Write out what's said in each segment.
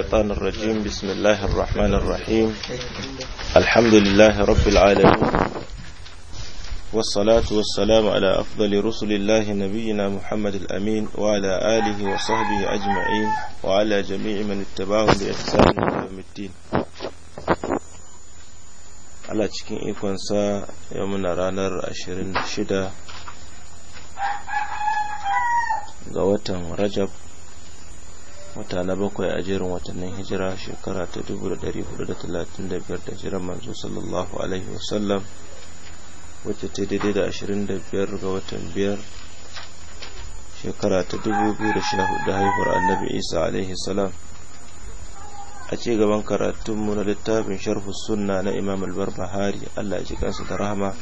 الشيطان الرجيم بسم الله الرحمن الرحيم الحمد لله رب العالمين والصلاة والسلام على أفضل رسل الله نبينا محمد الأمين وعلى آله وصحبه أجمعين وعلى جميع من اتبعهم بإحسان يوم الدين على تشكين إيكونسا يومنا رانر أشرين شدة ga watan Rajab wata na bakwai a jerin watannin hijira shekara ta dubu da dari hudu da da da talatin biyar jiran manzo sallallahu alaihi wasallam wacce ta daidai da ashirin da biyar ga watan biyar shekara ta dubu biyu da 2014 haihuwar annabi isa alaihi salam a ci gaban karatunmu na littafin sharhu sunna na imam al-barbahari allah ji kansa da rahama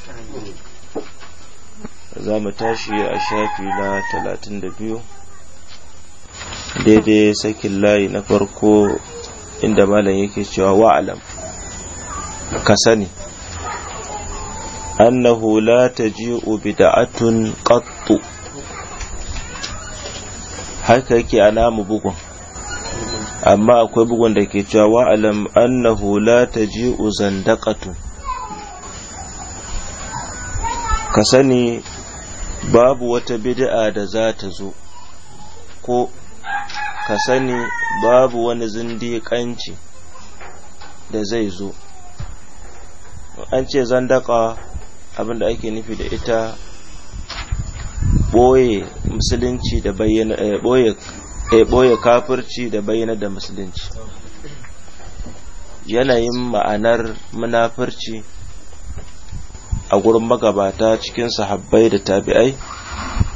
za mu tashi a shafi na biyu. daidai sakin layi na farko inda malam yake cewa wa'alam ka sani annahu la taji'u atun qattu haka yake a namu bugun amma akwai bugun da ke cewa wa'alam annahu la taji'u zandaqatu ka sani babu wata bid'a da za ta zo ko ka sani babu wani zindiƙanci da zai zo an ce zandaka abinda ake nufi da ita boye musulunci da bayyana eh, eh, ɓoye kafirci da bayyana da musulunci yanayin ma'anar munafurci a gurin magabata cikin sahabbai da tabi'ai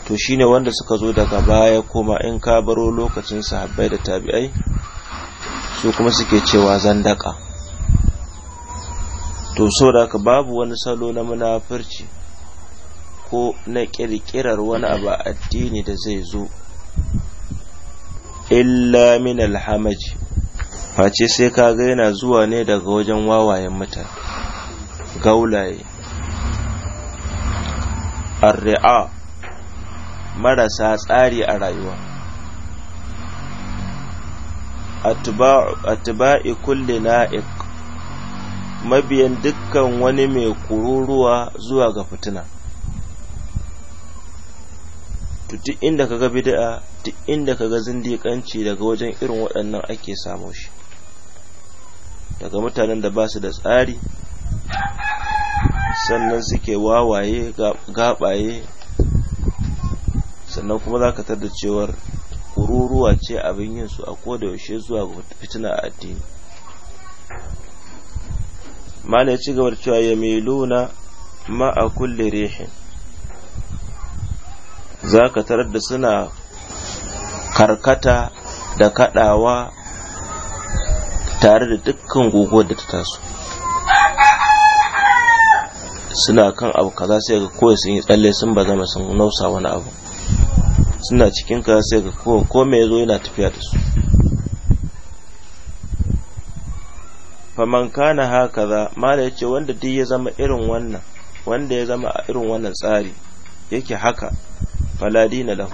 to shine wanda suka zo daga baya kuma in ka baro lokacin sahabbai da tabi'ai su kuma suke cewa zandaka to saboda da babu wani salo na munafurci ko na kirkirar wani abu addini da zai zo illa min alhamaji face sai ka ga yana zuwa ne daga wajen wawayen mutane gaulaye ar-ri'a marasa tsari a rayuwa atba'i kulli la'iq mabiyan dukkan wani mai kururuwa zuwa ga fitina duk inda kaga bid'a duk inda kaga zindiƙanci daga wajen irin waɗannan ake samu shi daga mutanen da ba su da tsari sannan suke wawaye gabaye sannan kuma za ka tarda cewar kururuwa ce abin yin su a kodayaushe zuwa ga fitina a addini mana ya ci gaba da cewa ya miluna a kulle rihin za ka tarar da suna karkata da kadawa tare da dukkan guguwar da ta taso suna kan abu kaza sai ga kawai sun yi tsalle sun ba zama sun nausa wani abu suna cikin ka sai ga ko me zo yana tafiya da su faman kana haka da mala yace wanda duk ya zama irin wannan wanda ya zama a irin wannan tsari yake haka faladina lahu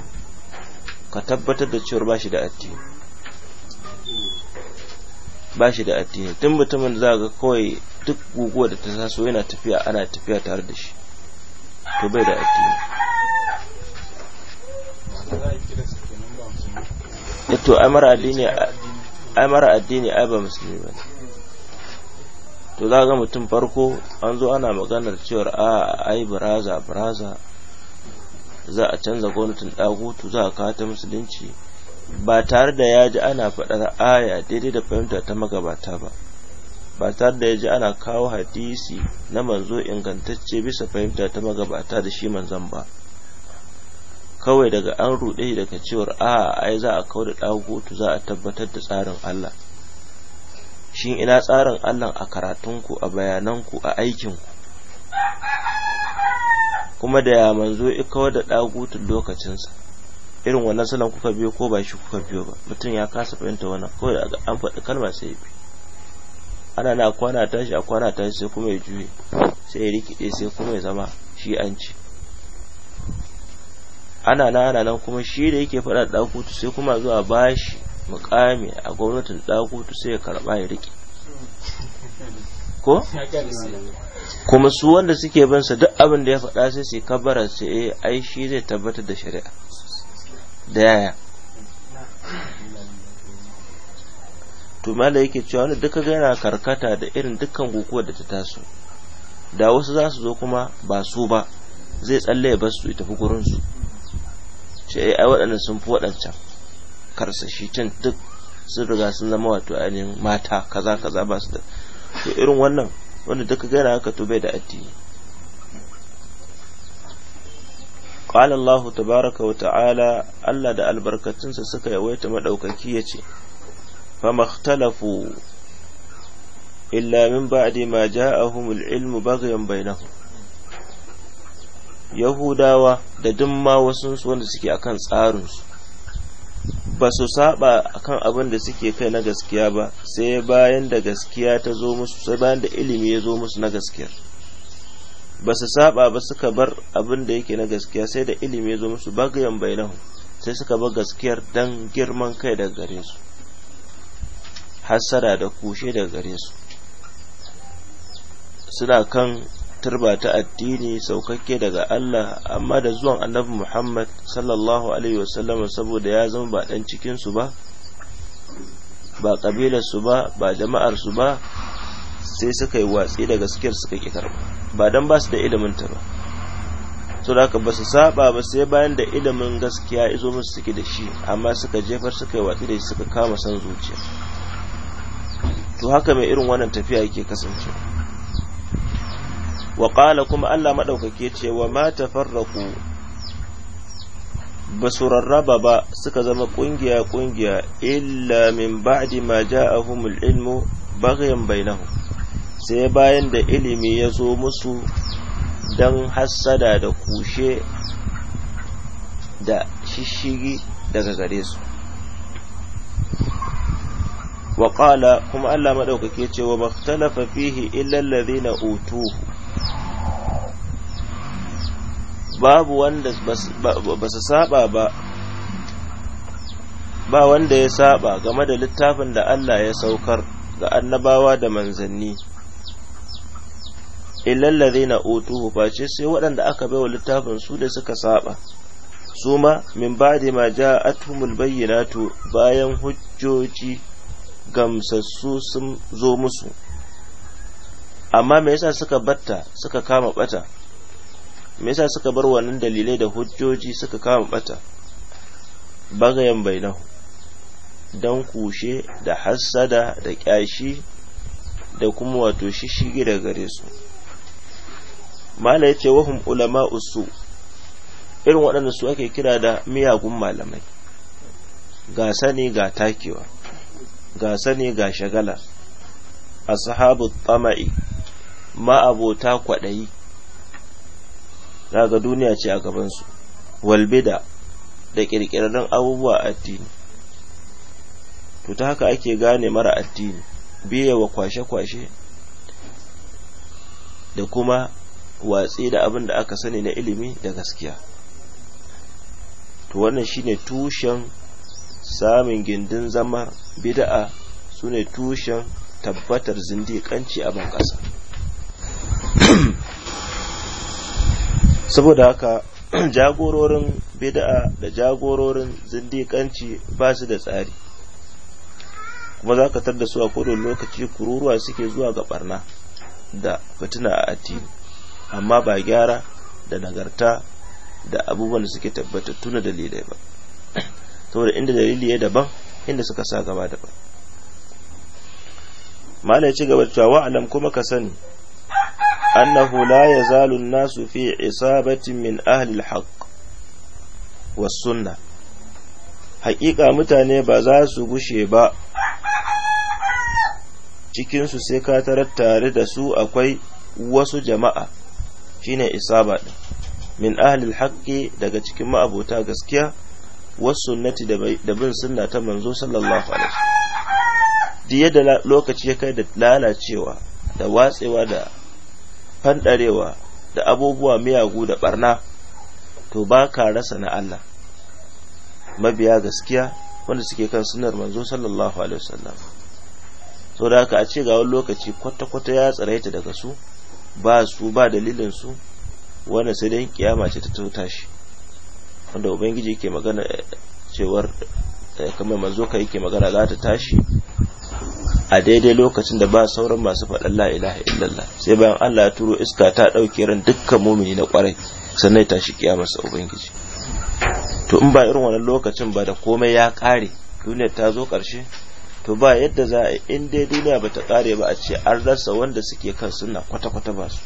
ka tabbatar da cewa ba shi da addini ba da addini tun mutumin za ga kawai duk guguwa da ta taso yana tafiya ana tafiya tare da shi to bai da addini Ito eh amara addini amara addini ai ba musulmi ba to za ga mutum farko an zo ana maganar cewar a ai braza braza za a canza gwamnatin ɗagutu za a ta musulunci ba tare da ya ana faɗar aya daidai da fahimta ta magabata ba ba tare da ya ana kawo hadisi na manzo ingantacce bisa fahimta ta magabata da shi manzon ba kawai daga an ruɗe daga cewar a ai za a kawo da ɗagutu za a tabbatar da tsarin Allah shin ina tsarin Allah a karatunku a bayananku a aikinku kuma da ya manzo i kawar da ɗagutun lokacinsa irin wannan salon kuka biyo ko ba shi kuka biyo ba mutum ya kasa fahimta wannan kawai daga an faɗi kalma sai ya bi ana na kwana tashi a kwana tashi sai kuma ya juye sai ya rikide sai kuma ya zama shi an ci ana nan nan kuma shi da yake faɗa ɗakutu sai kuma zuwa bashi mukami a gwamnatin ɗakutu sai ya karɓa ya riƙe ko kuma su wanda suke bin sa duk abin da ya faɗa sai su kabbara su eh ai shi zai tabbatar da shari'a da yaya to mala yake cewa wanda duka yana karkata da irin dukkan guguwar da ta taso da wasu za su zo kuma ba su ba zai tsalle ya su ya tafi su. ce ai waɗannan sun fi waɗancan karsa shi can duk sun riga sun zama wato ainihin mata kaza kaza ba su da to irin wannan wanda duka gana haka to bai da addini قال الله تبارك وتعالى ألا دا البركتين سسكا يويت مدوككية فما اختلفوا إلا من بعد ما جاءهم العلم بغيا بينهم yahudawa da dumma wasu wanda suke akan tsarinsu ba su saba akan abin da suke kai na gaskiya ba sai bayan da gaskiya ta zo musu sai bayan da ilimi ya zo musu na gaskiya ba su saba ba suka bar abin da yake na gaskiya sai da ilimi ya zo musu bagayen bainahu sai suka bar gaskiyar dan girman kai daga gare su hasara da kushe daga gare su suna kan ba ta addini saukakke daga Allah amma da zuwan annabi Muhammad sallallahu alaihi wasallam saboda ya zama ba dan cikin su ba ba kabilar su ba ba jama'ar su ba sai suka yi watsi da gaskiyar suka ki karba ba dan ba su da ilimin ta ba to da ka ba su saba ba sai bayan da ilimin gaskiya izo musu suke da shi amma suka jefar suka yi watsi da shi suka kama san zuciya to haka mai irin wannan tafiya yake kasancewa wa qala kuma Allah maɗaukake ce wa ma tafarraqu basu rarraba ba suka zama ƙungiya ƙungiya, illa min ba'di ma ja'ahumul ilmu baghyan bainahum sai bayan da ilimi ya zo musu dan hassada da kushe da shishigi daga gare su wa kuma Allah madaukake ce wa makhtalafa fihi illa alladhina utuhu babu wanda ba su saba ba ba wanda ya saba game da littafin da Allah ya saukar ga annabawa da manzanni illallazi na otuhu face sai waɗanda aka baiwa littafin su da suka saba su ma min ba'di ma ja'atuhumul bayyinatu bayan hujjoji gamsassu sun zo musu amma me yasa suka batta suka kama bata me yasa suka bar wannan dalilai da hujjoji suka kama bata bagayen bainahu dan kushe da hassada da kyashi da kuma wato shishige da gare su mala ce, wahum ulama usu irin waɗanda su ake kira da miyagun malamai ga sani ga takewa ga sani ga shagala ashabu tama'i abota kwaɗayi za duniya ce a gabansu walbida da ƙirƙirarren abubuwa addini to ta haka ake gane mara addini biye wa kwashe-kwashe da kuma watsi da abin da aka sani na ilimi da gaskiya to wannan shine tushen samun gindin zama bida'a su ne tushen tabbatar zindiƙanci a ban ƙasa saboda haka jagororin bid'a da jagororin zindikanci ba su da tsari kuma za ka tar da su a kodon lokaci kururuwa suke zuwa ga barna da fitina a addini amma ba gyara da nagarta da abubuwan da suke tabbatattu tuna dalilai ba saboda inda dalili ya daban inda suka sa gaba daban mala ya ci gaba cewa wa'alam kuma ka sani أنه لا يزال الناس في fi من min الحق والسنة حقيقة was haƙiƙa mutane ba za su ba cikinsu sai ka tarar tare da su akwai wasu jama'a shine isaba ɗin min ahlil haƙƙi daga cikin ma'abota gaskiya wasu sunnati da bin sunna ta manzo sallallahu alaihi diye da lokaci ya kai da lalacewa da watsewa da fandarewa da abubuwa miyagu da ɓarna, to ba ka rasa na Allah mabiya gaskiya wanda suke kan sunar manzo sallallahu alaihi wasallam so da haka a ce ga wani lokaci kwata-kwata ya tsiraita daga su ba su ba dalilin su wanda sai dan kiyama ce ta tashi wanda ubangiji ke magana eh, cewar Eh, kamar manzo ka yake magana za ta tashi a daidai lokacin da ba sauran masu faɗa la ilaha illallah sai bayan Allah ya turo iska ta ɗauke ran dukkan mumini na ƙwarai sannan ya tashi sa ubangiji to in ba irin wannan lokacin ba da komai ya ƙare duniyar ta zo ƙarshe to ba yadda za a in dai duniya ba ta ƙare ba a ce an rasa wanda suke kan suna kwata-kwata ba su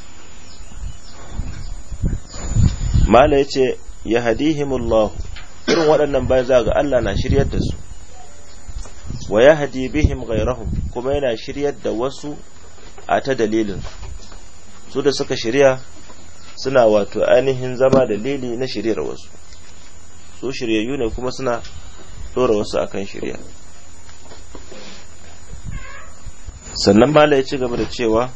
mala ya ce irin waɗannan bayan za ga Allah na shiryar da su wa yahdi bihim ghayrahum kuma yana shiryar da wasu a ta dalilin su da suka shirya suna wato ainihin zama dalili na shiryar wasu su shiryayyu ne kuma suna dora wasu akan shirya sannan mala ya ci gaba da cewa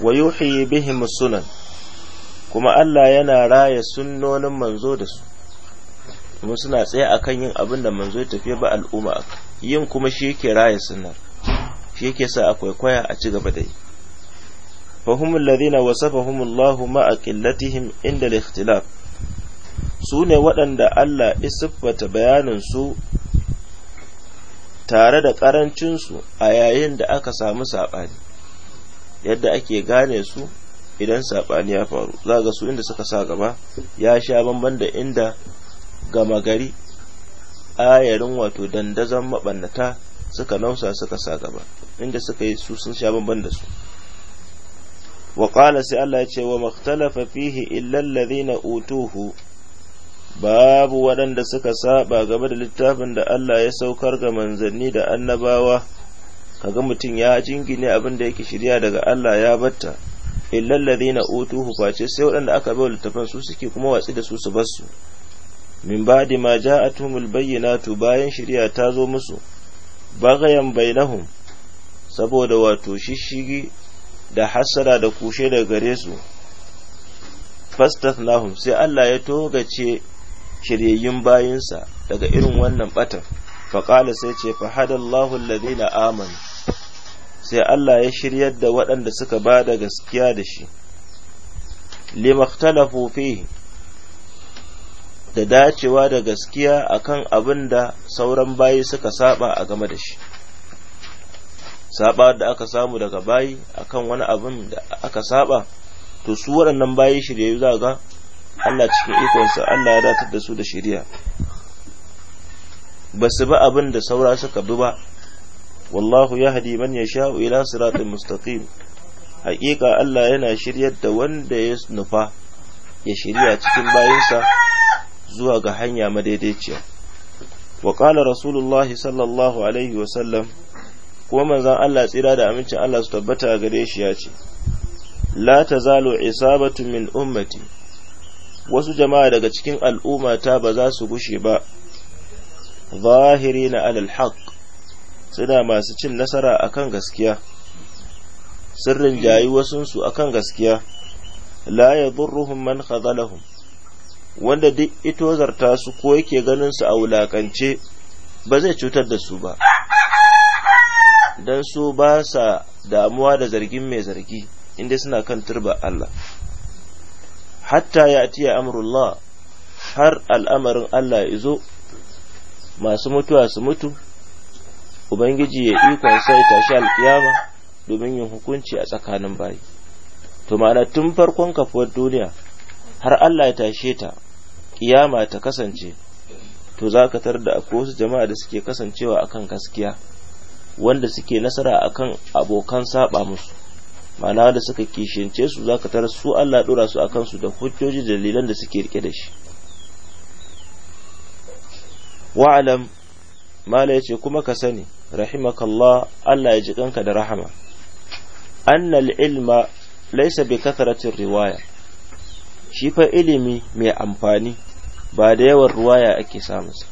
wa yuhi bihim sunan kuma Allah yana raya sunnonin manzo da su kuma suna tsaye akan yin abin da manzo ya tafi ba al'umma yin kuma shi yake raya sunnar shi yake sa akwai kwaya a ci gaba da yi fahimul ladina wasafahum Allah ma'a inda al-ikhtilaf su ne waɗanda Allah ya bayanin su tare da ƙarancinsu a yayin da aka samu saɓani yadda ake gane su idan saɓani ya faru za ga su inda suka sa gaba ya sha bamban da inda gama gari ayarin wato dandazon maɓannata suka nausa suka sa gaba inda suka yi su sun sha bamban da su wa qala sai Allah ya ce wa makhtalafa fihi illa alladhina utuhu babu waɗanda suka saba gaba da littafin da Allah ya saukar ga manzanni da annabawa kaga mutum ya jingine abin da yake shirya daga Allah ya batta illal ladina utuhu face sai waɗanda aka bai littafin su suke kuma watsi da su su bar su min ba'di ma ja'atuhumul bayyinatu bayan shari'a ta zo musu baghayan bainahum saboda wato shishigi da hasara da kushe daga gare su fastathnahum sai Allah ya togace shiryayyun bayinsa daga irin wannan batan faqala sai ce fa hadallahu alladhina amanu sai Allah ya shiryar da waɗanda suka ba da gaskiya da shi limaktalafu fihi da dacewa da gaskiya akan abin da sauran bayi suka saba a game da shi saba da aka samu daga bayi akan wani abin da aka saba to su waɗannan bayi shiryayyu za ga Allah cikin ikonsa Allah ya datar da su da shiriya ba su bi abin da saura suka bi ba wallahu yahdi man shau ila siratin mustaqim haƙiƙa Allah yana shiryar da wanda ya nufa ya shirya cikin bayansa zuwa ga hanya madaidaiciya wa qala rasulullah sallallahu alaihi wa sallam kuma manzan Allah tsira da amincin Allah su tabbata gare shi ya ce la tazalu isabatu min ummati wasu jama'a daga cikin al'ummata ba za su gushe ba zahirina alal haq. suna masu cin nasara akan gaskiya sirrin jayi wasunsu akan gaskiya la ya man khazalahum wanda duk ito zarta su ko yake ganin su a wulakance ba zai cutar da su ba don su ba sa damuwa da zargin mai zargi inda suna kan turba Allah hatta ya tiya amrullah har al'amarin Allah ya zo masu mutuwa su mutu ubangiji ya ikon sai tashi alƙiyama domin yin hukunci a tsakanin bayi to ma'ana tun farkon kafuwar duniya har Allah ya tashe ta ƙiyama ta kasance to za ka tar da akwai wasu jama'a da suke kasancewa akan gaskiya wanda suke nasara akan abokan saba musu ma'ana da suka kishince su za ka tar su Allah ɗora su akan su da hujjoji dalilan da suke rike da shi wa'alam mala ce, kuma ka sani rahimakallah Allah ya ji kanka da rahama annal ilma laysa bi kathratir riwaya shi fa ilimi mai amfani ba da yawan ruwaya ake samunsa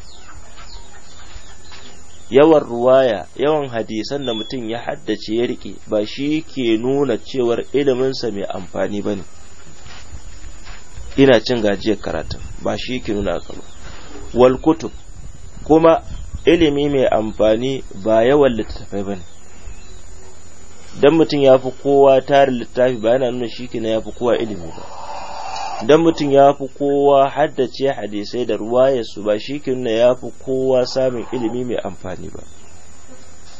yawan riwaya yawan hadisan da mutum ya haddace ya rike ba shi ke nuna cewar iliminsa mai amfani ba ne ina cin gajiyar karatu ba shi ke nuna ba wal kutub kuma ilimi mai amfani ba yawan littattafai ba ne don mutum ya fi kowa tarin littafi ba yana nuna shi ya fi kowa ilimi ba don mutum ya fi kowa haddace hadisai da su ba shi nuna ya fi kowa samun ilimi mai amfani ba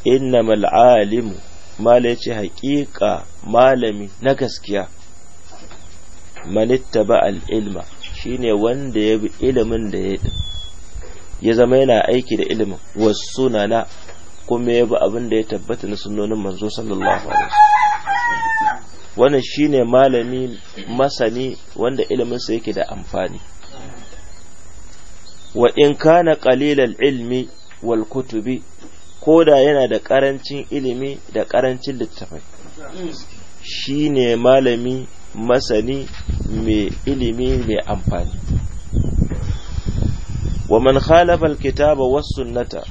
inna mal'alimu mala ya ce haƙiƙa malami na gaskiya manittaba al-ilma shine wanda ya bi ilimin da ya ya zama yana aiki da ilimin wasu na kuma ya bi abin da ya tabbata na sunnonin manzo sallallahu alaihi wannan shine malami masani wanda iliminsa yake da amfani wa in kana qalilal ilmi wal kutubi koda yana da karancin ilimi da karancin littafai shine malami masani mai ilimi mai amfani wa man khalafa alkitaba was sunnata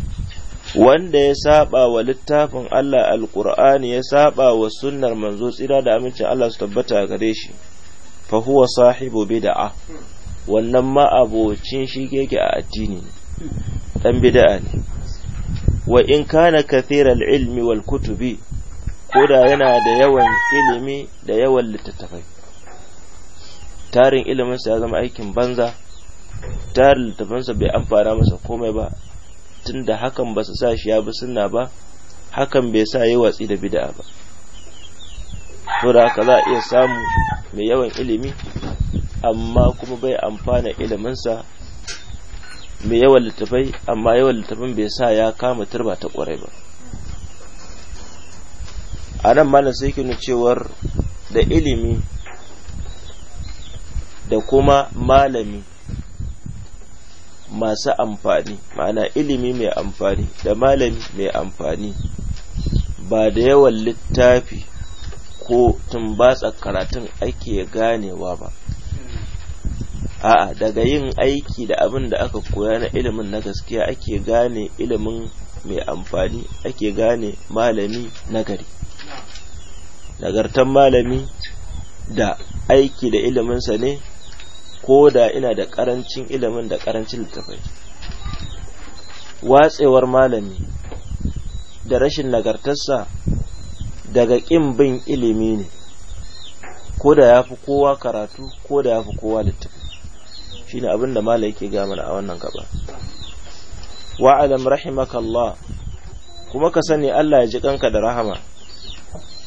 wanda ya saba wa littafin Allah alqur'ani ya saba wa sunnar manzo tsira da amincin Allah su tabbata gare shi fa huwa sahibu bid'a wannan ma abocin shi yake a addini dan bid'a ne wa in kana kathiral ilmi wal kutubi koda yana da yawan ilimi da yawan littattafai tarin ilimin ya zama aikin banza ta littafansa bai amfana masa komai ba tunda hakan ba su sa shi ya bi suna ba hakan bai sa yi watsi da bid'a ba to da haka za a iya samu mai yawan ilimi amma kuma bai amfana iliminsa mai yawan littafai amma yawan littafin bai sa ya kama turba ta kwarai ba a nan malam sai kinu cewar da ilimi da kuma malami masu amfani ma'ana ilimi mai amfani da malami mai amfani ba da yawan littafi ko tumbatsa karatun ake ganewa ba a'a daga yin aiki da abin da aka koya na ilimin na gaskiya ake gane ilimin mai amfani ake gane malami nagari nagartan malami da aiki da iliminsa ne ko da ina da ƙarancin ilimin da ƙarancin littafai watsewar malami da rashin nagartarsa daga ƙin bin ilimi ne ko da ya fi kowa karatu ko da ya fi kowa littafi shi ne abin da mala yake gamana a wannan gaba rahimaka Allah. kuma ka sani Allah ya ji kanka da rahama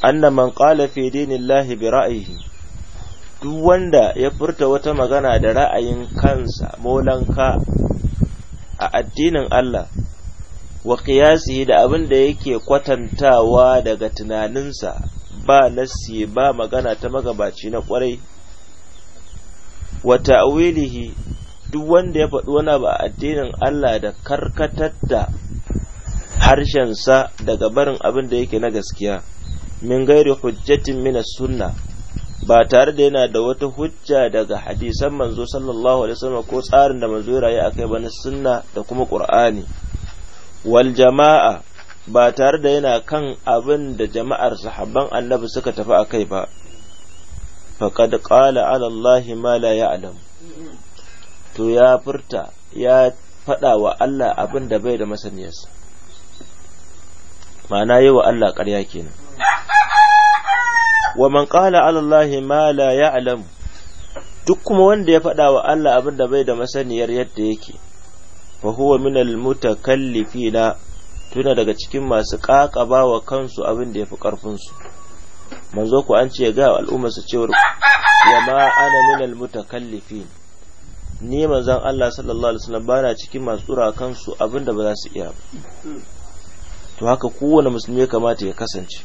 anna man qala fi dinillahi bi ra'ayihi duk wanda ya furta wata magana da ra'ayin kansa molanka a addinin Allah wa qiyasihi da abin da yake kwatantawa daga tunaninsa ba nassi ba magana ta magabaci na kwarai wa ta'wilihi duk wanda ya faɗi wani ba addinin Allah da karkatar da harshensa daga barin abin da yake na gaskiya min gairi hujjatin min sunna ba tare da yana da wata hujja daga hadisan manzo sallallahu alaihi wasallam ko tsarin da manzo ya akai ba na sunna da kuma qur'ani wal jama'a ba tare da yana kan abin da jama'ar sahabban annabi suka tafi akai ba faqad qala ala allahi ma la ya'lam to ya furta ya faɗa wa Allah abin da bai da masaniyarsa ma'ana yi wa Allah ƙarya kenan wa man qala ala Allah ma la ya'lam duk kuma wanda ya faɗa wa Allah abin da bai da masaniyar yadda yake fa huwa min al mutakallifina tuna daga cikin masu kakaba wa kansu abin da yafi karfin su manzo ku an ce ga al'umma su cewa wa ma ana min al mutakallifin ni manzon Allah sallallahu alaihi wasallam bana cikin masu tsura kansu abin da ba za su iya ba to haka kowane musulmi ya kamata ya kasance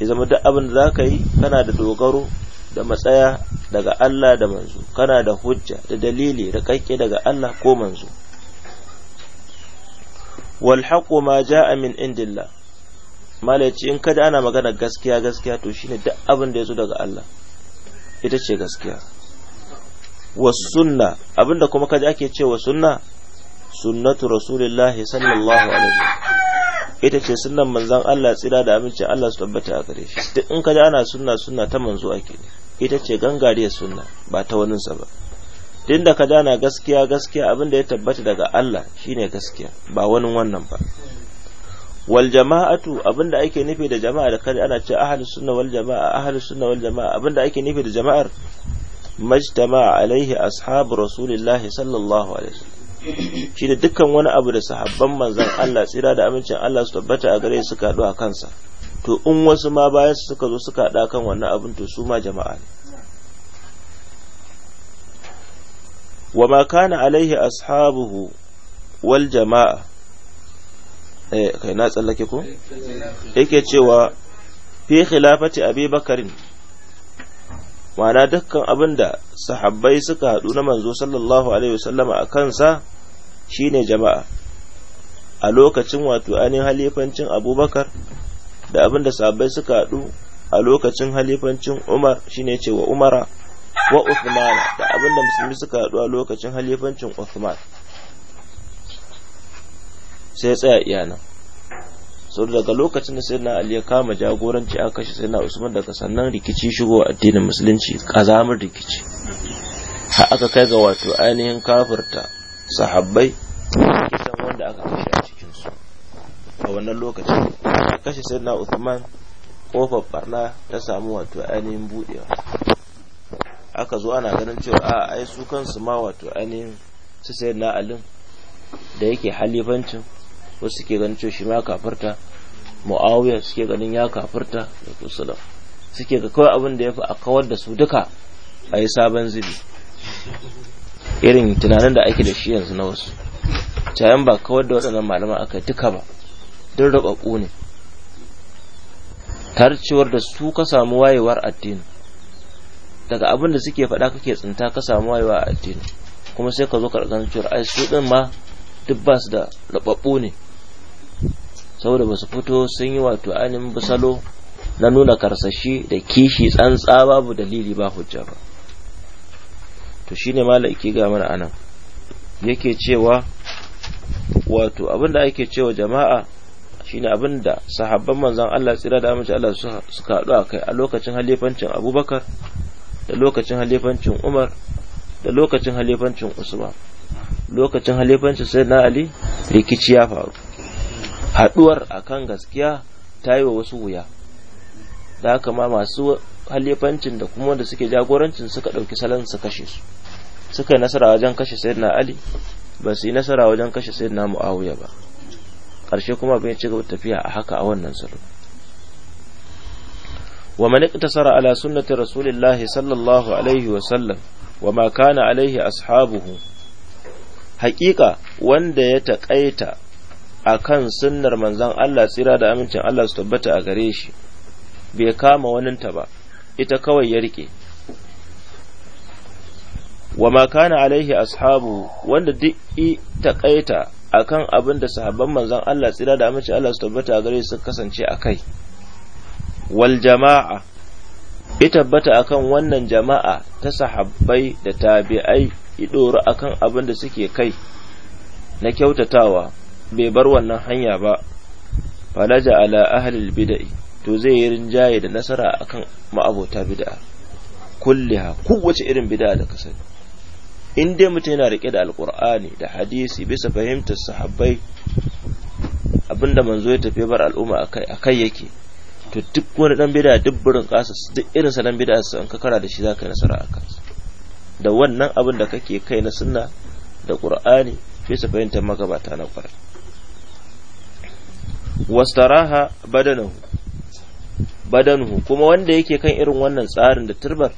ya zama duk abin da za ka yi kana da dogaro da matsaya daga Allah da manzo kana da hujja da dalili da rikakke daga Allah ko manzo wal haqu ma jaa min indillah malaci in kada ana magana gaskiya gaskiya to shine duk abin da yazo daga Allah ita ce gaskiya was sunna abinda kuma kaji ake cewa sunna sunnatu rasulillahi sallallahu alaihi wasallam ita ce sunnan manzon Allah tsira da aminci Allah su tabbata a gare shi duk in ka ji ana sunna sunna ta manzo ake ita ce gangariya sunna ba ta wani sa ba din da ka ji ana gaskiya gaskiya abin da ya tabbata daga Allah shine gaskiya ba wani wannan ba wal jama'atu abin da ake nufi da jama'a da kaji ana ce ahlus sunna wal jama'a ahlus sunna wal jama'a abin da ake nufi da jama'ar majtama'a alaihi ashabu rasulillahi sallallahu alaihi wasallam da dukkan wani abu da sahabban manzan Allah tsira da amincin Allah su tabbata a gare su haɗu a kansa to in wasu ma bayan su suka zo suka haɗa kan wannan abin to su ma jama'a ne wa ma kana alaihi ashabuhu wal jama'a eh kai na tsallake ko yake cewa fi khilafati abi bakarin ma'ana dukkan abin da sahabbai suka haɗu na manzo sallallahu alaihi wasallama a kansa shine jama'a a lokacin wato ainihin halifancin abubakar da abinda sabai suka haɗu a lokacin halifancin umar shine ce wa umara wa uthman da abinda musulmi suka haɗu a lokacin halifancin uthman sai tsaya iyana. nan sau daga lokacin da sayyidina ali ya kama jagoranci a kashe sayyidina usman daga sannan rikici shigo addinin musulunci kazamar rikici har aka kai ga wato ainihin kafirta sahabbai kisan wanda aka kashe a cikinsu a wannan lokacin kashe na Uthman kofar barna ta samu wato ainihin budewa aka zo ana ganin cewa a ai su kansu ma wato ainihin su na alin da yake halifancin wasu suke ganin cewa shi ma kafirta mu'awiyar suke ganin ya kafirta da kusulam suke ga kawai abin da ya fi a kawar da su duka a yi sabon zubi irin tunanin da ake da shi yanzu na wasu cayan ba kawar da waɗannan malaman aka duka ba duk rubaku ne cewar da su ka samu wayewar addini daga abin da suke faɗa kake tsinta ka samu wayewar addini kuma sai ka zo karɓar cewar ai su ɗin ma duk ba su da rubaku ne saboda ba su fito sun yi wato ainihin bisalo na nuna karsashi da kishi tsantsa babu dalili ba hujja ba to shine malaki ga mana anan yake cewa wato abin da ake cewa jama'a shine abin da sahabban manzon Allah tsira da amince Allah suka haɗu a kai a lokacin halifancin Abubakar da lokacin halifancin Umar da lokacin halifancin Usman lokacin halifancin Sayyidina Ali rikici ya faru haɗuwar akan gaskiya ta yi wa wasu wuya da haka ma masu halifancin da kuma wanda suke jagorancin suka ɗauki salon kashe su suka yi nasara wajen kashe Sayyidina Ali ba su yi nasara wajen kashe na muawiya ba ƙarshe kuma bin ya ci gaba tafiya a haka a wannan salo wa man iqtasara ala sunnati rasulillah sallallahu alaihi wa sallam wa ma kana alaihi ashabuhu haƙiƙa wanda ya taƙaita a kan sunnar manzon Allah tsira da amincin Allah su tabbata a gare shi bai kama waninta ba ita kawai ya rike wa ma alaihi ashabu wanda duk i takaita akan abin da sahabban manzon Allah tsira da amince Allah su tabbata gare su kasance akai wal jama'a i tabbata akan wannan jama'a ta sahabbai da tabi'ai i akan abin da suke kai na kyautatawa bai bar wannan hanya ba falaja ala ahlil bida'i to zai yi rinjaye da nasara akan ma'abota bid'a kulliha kowace irin bid'a da kasance in dai mutum yana rike da alkur'ani da hadisi bisa fahimtar sahabbai abinda manzo ya tafi bar al'umma a kai yake to duk wani dan bida duk burin kasa duk irin dan bida su an kakara da shi za ka yi nasara a kansa da wannan abin da kake kai na sunna da qur'ani bisa fahimtar magabata na kwarai wastaraha badanahu badanuhu kuma wanda yake kan irin wannan tsarin da turbar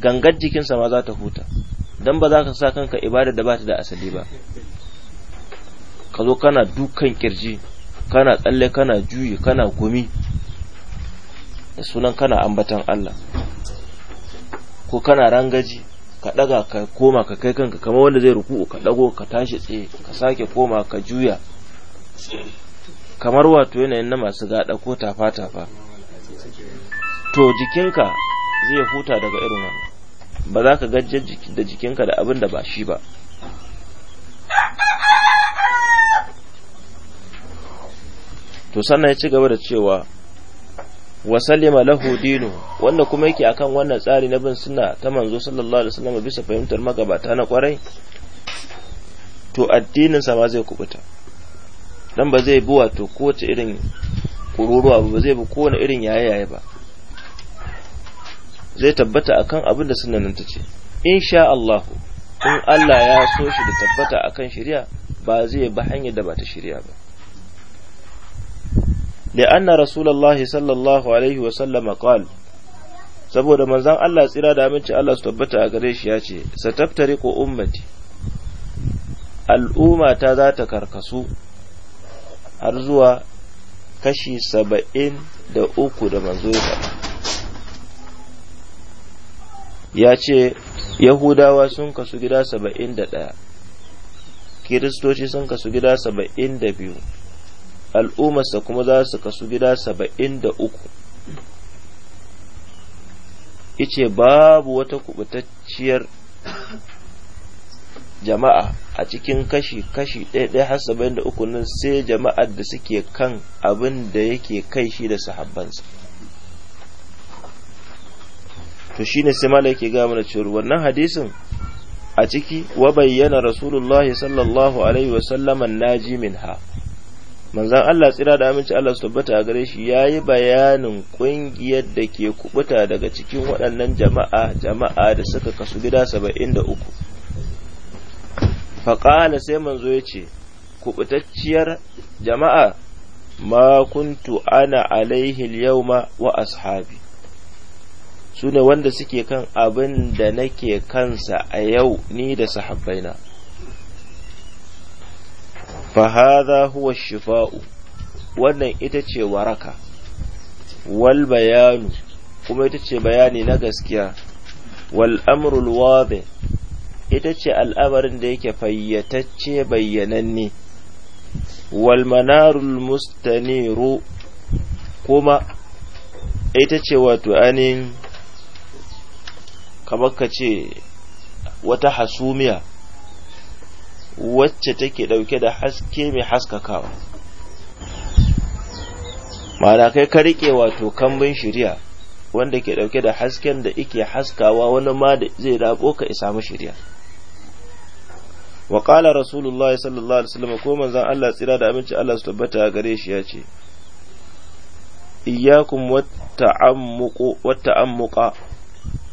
gangar jikinsa ma za ta huta dan ba za ka sa kanka ibada da ba ta da asali ba ka zo kana dukan kirji kana tsalle kana juyi kana gumi da sunan kana ambatan Allah ko kana rangaji ka daga ka koma ka kai kanka kamar wanda zai ruku ka dago ka tashi tsaye ka sake koma ka juya kamar wato yanayin na masu gada ko tafa-tafa to jikinka zai huta daga irin wannan ba za ka gajjar da jikinka da abin da ba shi ba to sannan ya ci gaba da cewa wa sallima lahu dinu wanda kuma yake akan wannan tsari na bin sunna ta manzo sallallahu alaihi wasallam bisa fahimtar magabata na kwarai to addinin sa ma zai kubuta dan ba zai bi wato kowace irin kururuwa ba zai bi kowane irin yaye yaye ba zai tabbata akan abin da sunna nan tace insha Allah in Allah ya so shi da tabbata akan shari'a ba zai ba hanyar da ba ta shari'a ba da anna الله sallallahu alaihi wa sallam قال saboda manzon Allah tsira da aminci Allah su tabbata a gare shi ya ce sataftariqu ummati al'umma ta za ta karkasu har zuwa kashi saba'in da uku da manzo ya ce yahudawa sun kasu gida saba'in da ɗaya kiristoci sun kasu gida saba'in da biyu al'ummarsa kuma za su kasu gida saba'in da uku ice babu wata kubutacciyar jama'a a cikin kashi-kashi ɗaya-ɗaya har saba'in da uku nan sai jama'ar da suke kan abin da yake kai shi da sahabbansa to shine sai malai yake ga mana cewa wannan hadisin a ciki wa bayyana rasulullah sallallahu alaihi wasallam naji minha manzan Allah tsira da aminci Allah su tabbata a gare shi yayi bayanin kungiyar da ke kubuta daga cikin waɗannan jama'a jama'a da suka kasu gida 73 faqala sai manzo yace kubutacciyar jama'a ma kuntu ana alaihi yauma wa ashabi su ne wanda suke kan abin da nake kansa a yau ni da sahabbaina fahada huwa shifa'u wannan ita ce waraka wal bayanu kuma ita ce bayani na gaskiya wal amrul wabe ita ce al'amarin da yake fayyatacce bayyananne wal manarul mustaniru kuma ita ce wato anin kamar ka ce wata hasumiya wacce take ɗauke da haske mai haskakawa ma'ana kai ka rike wato kambin shirya wanda ke ɗauke da hasken da ike haskawa wani ma da zai rabo ka isa mu shirya wa qala rasulullahi sallallahu alaihi wasallam ko manzon Allah tsira da aminci Allah su tabbata gare shi ya ce iyyakum wat ta'ammuqu wat ta'ammuqa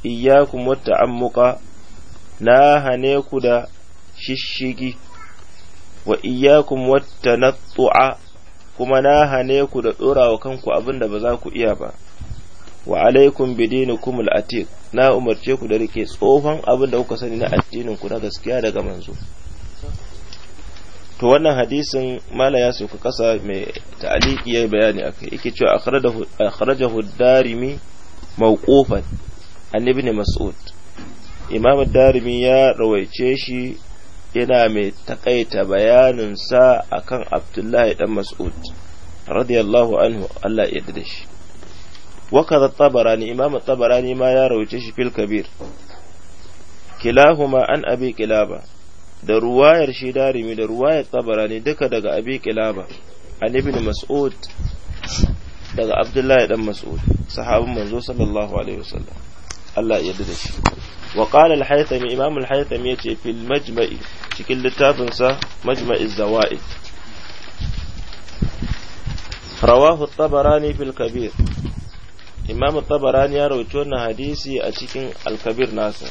iyyakum amuka na hane ku da shishigi wa iyyakum wattanattu'a kuma na hane ku da dora wa kanku abinda ba za ku iya ba wa alaikum bidinikum al-atiq na umarce ku da rike tsohon abin da kuka sani na addinin ku na gaskiya daga manzo to wannan hadisin mala ya soka kasa mai ta'aliki yayi bayani akai yake cewa akhrajahu ad-darimi mawqufan an ibn mas'ud imam darimi ya rawaice shi yana mai takaita bayaninsa akan abdullahi dan mas'ud radiyallahu anhu Allah ya da shi wa kaza tabarani imam tabarani ma ya rawaice shi fil kabir kilahuma an abi kilaba da ruwayar shi darimi da ruwayar tabarani duka daga abi kilaba an ibn mas'ud daga abdullahi dan mas'ud sahabin manzo sallallahu alaihi wasallam Allah ya da shi wa qala al-haythami imam al-haythami yace fil majma'i cikin littafin sa majma'i zawaid rawahu at-tabarani fil kabir imam at-tabarani ya rawaito wannan hadisi a cikin al-kabir nasa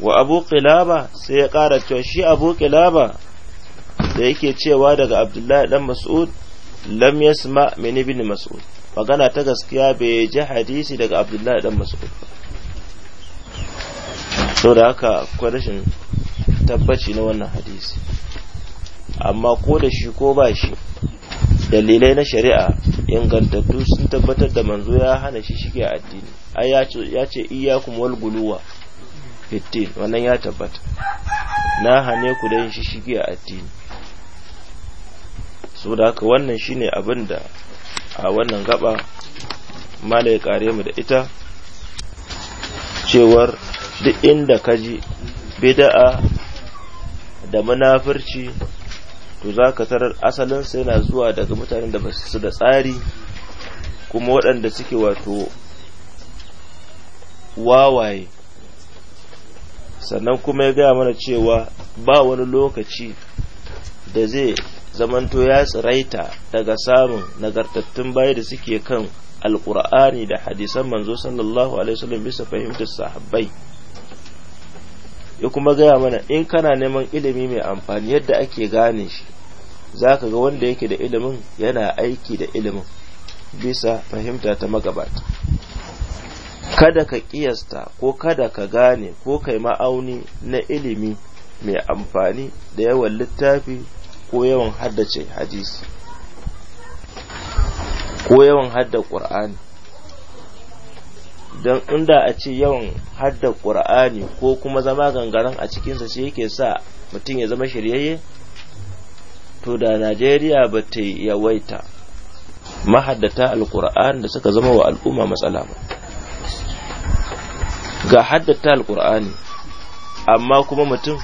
wa abu qilaba sai ya ƙara cewa shi abu qilaba da yake cewa daga abdullahi dan mas'ud lam yasma min ibn mas'ud magana ta gaskiya bai ji hadisi daga abdullahi dan masu so da haka akwai rashin tabbaci na wannan hadisi amma ko da shi ko ba shi dalilai na shari'a ingantattu sun tabbatar da manzo ya hana shi shige addini ai ya ce iyakum wal guluwa fittin wannan ya tabbata na hane ku da shi shige addini so da haka wannan shine abinda. a wannan gaba mala ya kare mu da ita cewar duk inda ka ji bida'a da munafurci to za ka tarar asalinsa yana zuwa daga mutanen da ba su da tsari kuma waɗanda suke wato wawaye sannan kuma ya gaya mana cewa ba wani lokaci da zai zamanto ya tsiraita daga samun nagartattun bayi da suke kan alƙur'ani da hadisan manzo sallallahu alaihi wasallam bisa fahimtar sahabbai ya kuma gaya mana in kana neman ilimi mai amfani yadda ake gane shi zaka ga wanda yake da ilimin yana aiki da ilimin bisa fahimta ta magabata kada ka kiyasta ko kada ka gane ko kai ma'auni na ilimi mai amfani da yawan littafi ko yawan haddace hadisi ko yawan hadda ƙur'ani don inda a ce yawan hadda ƙur'ani ko kuma zama gangaren a cikinsa shi yake sa mutum ya zama shiryayye to da najeriya ba ta yawaita mahaddata alƙur'ani da suka zama wa al'umma matsala ba ga haddata alkur'ani amma kuma mutum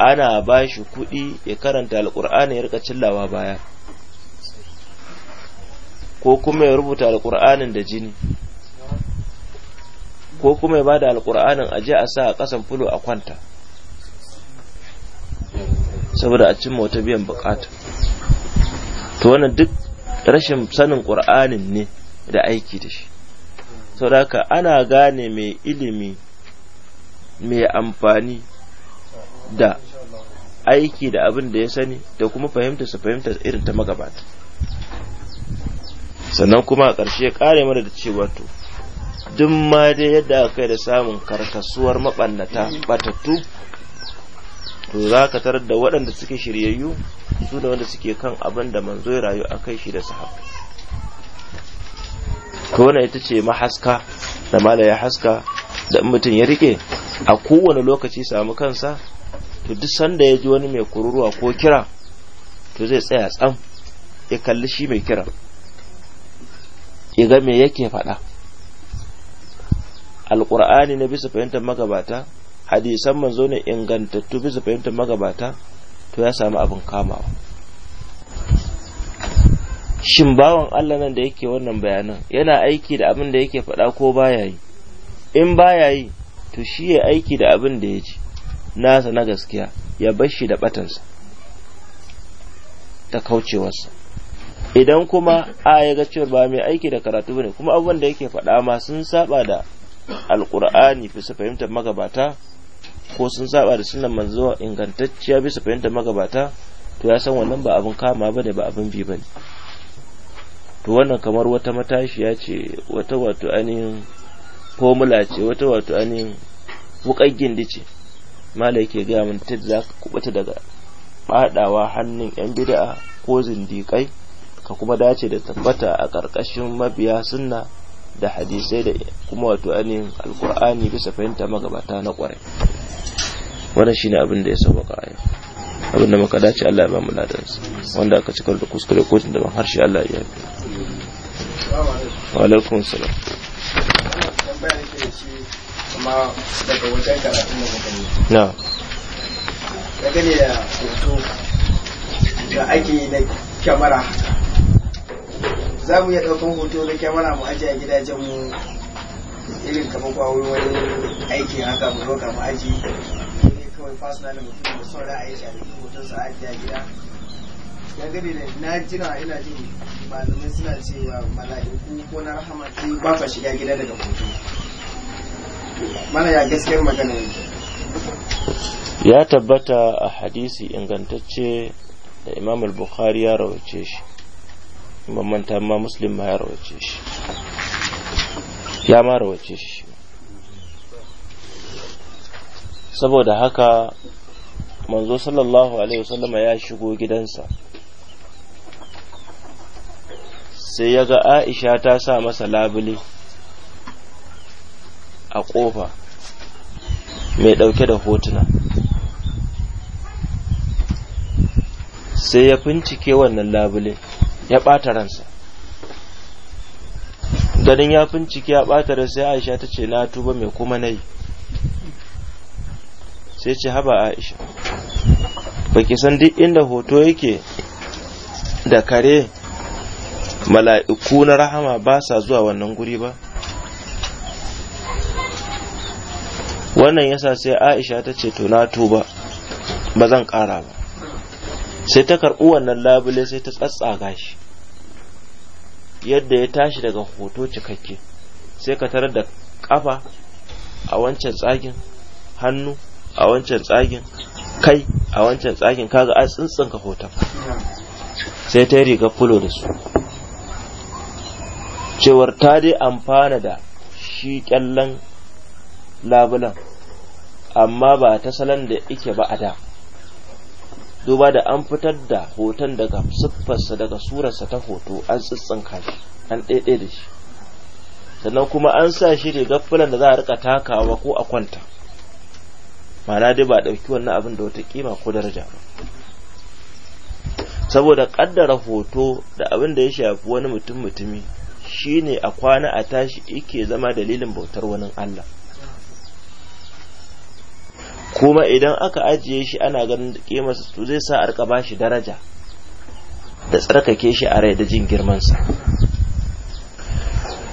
ana ba shi kuɗi ya karanta alƙur'ani ya rika cillawa baya ko kuma ya rubuta alƙur'anin da jini ko kuma ya bada alƙur'anin a je a sa a ƙasan fulo a kwanta saboda a cimma wata biyan bukata to wannan duk rashin sanin ƙur'anin ne da aiki da shi saboda haka ana gane mai ilimi mai amfani da aiki da abin da ya sani da kuma fahimta su fahimta irin ta magabata sannan kuma a ƙarshe ya ƙare mana da cewa to duk ma dai yadda aka kai da samun karkasuwar maɓannata batattu to za ka tarar da waɗanda suke shiryayyu su da wanda suke kan abin da manzo ya rayu a kai shi da sahab ko ita ce mahaska da mala ya haska da mutum ya rike a kowane lokaci samu kansa to duk sanda ya ji wani mai kururuwa ko kira to zai tsaya tsam ya kalli shi mai kira ya ga me yake faɗa alƙur'ani na bisa fahimtar magabata hadisan manzo ne ingantattu bisa fahimtar magabata to ya samu abin kamawa shin bawan Allah nan da yake wannan bayanan yana aiki da abin da yake faɗa ko baya yi in ba ya yi to shi ya aiki da abin da ya ci. nasa na gaskiya ya bar shi da batansa ta kaucewarsa idan kuma a ya ga cewar ba mai aiki da karatu bane kuma abubuwan da yake faɗa ma sun saba da alkur'ani bisa fahimtar magabata ko sun saba da sunan manzo ingantacciya bisa fahimtar magabata to ya san wannan ba abin kama ba ne, ba abin bi bane to wannan kamar wata matashiya ce wata wato ainihin formula ce wata wato ainihin wuƙar gindi ce mala yake gaya mun ta za ka kubuta daga fadawa hannun yan bid'a ko zindiƙai ka kuma dace da tabbata a ƙarƙashin mabiya sunna da hadisai da kuma wato ainihin alkur'ani bisa fahimta magabata na kwarai wannan shine abin da ya saba ka yau abin da muka dace Allah ya ba mu ladansa wanda aka cikar da kuskure kotun da ban harshe Allah ya yi wa alaikum salam daga wajen karatun na da za mu iya ɗaukan hoto na kyamara mu ajiye a gidajenmu irin kamar kwawo wani aiki haka mu roka mu aji ne kawai fasuna da mutum da son ra'ayi shi a cikin hoton sa ajiye a gida dangane da na jira ina jin malamai suna cewa mala'iku ko na rahama ba sa shiga gida daga hoto mana ya gaskiyar magana ya tabbata a hadisi ingantacce da imam al-bukhari ya rawace shi ban manta ma muslim ma ya rawace shi ya ma rawace shi saboda haka manzo sallallahu alaihi wasallama ya shigo gidansa sai ya ga aisha ta sa masa labule a ƙofa mai ɗauke da hotuna sai ya fincike wannan labule ya ɓata ransa ganin ya fincike ya ɓata ransa sai aisha ta ce na tuba mai kuma na yi sai ce haba aisha baki san duk inda hoto yake da kare mala'iku na rahama ba sa zuwa wannan guri ba wannan yasa sai aisha ta ce to na tuba ba zan ƙara ba sai ta karɓi wannan labule sai ta tsatsaga shi yadda ya tashi daga hoto cikakke sai ka tarar da kafa a wancan tsagin hannu a wancan tsagin kai a wancan tsagin kaga a ka hoton sai ta yi riga fulo da su cewar ta dai amfana da shi kyallan labulan amma ba ta salon da ike ba a da duba da an fitar da hoton daga siffarsa daga surarsa ta hoto an tsitsin kashi an ɗaiɗe da shi sannan kuma an sa shi da gaffulan da za a rika takawa ko a kwanta ma'ana dai ba ɗauki wannan abin da wata kima ko daraja ba saboda ƙaddara hoto da abin da ya shafi wani mutum mutumi shine a kwana a tashi yake zama dalilin bautar wani Allah kuma idan aka ajiye shi ana ganin kimarsa to zai sa arka ba shi daraja da tsarkake shi a rai da jin girmansa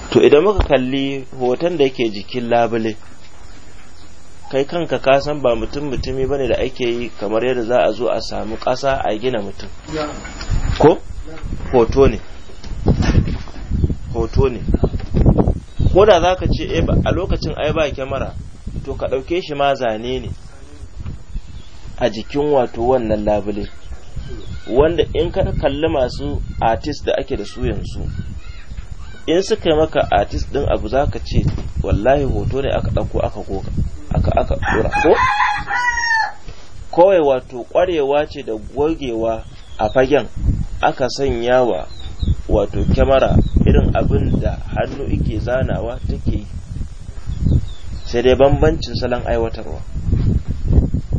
to idan muka kalli hoton da yake jikin labule kai kanka ka san ba mutum mutumi bane da ake yi kamar yadda za a zo a samu ƙasa a gina mutum ko hoto ne hoto ne ko da za ka ce eh, a lokacin ai ba kyamara to ka ɗauke shi ma zane ne a jikin wato wannan labule wanda in ka kalli masu artist da ake da su yanzu in suka yi maka artist ɗin abu za ka ce wallahi hoto ne aka ɗauko aka goga aka aka ɗora ko kawai wato ƙwarewa ce da gogewa a fagen aka sanya wa wato kyamara irin abin da hannu ike zanawa take yi sai dai bambancin salon aiwatarwa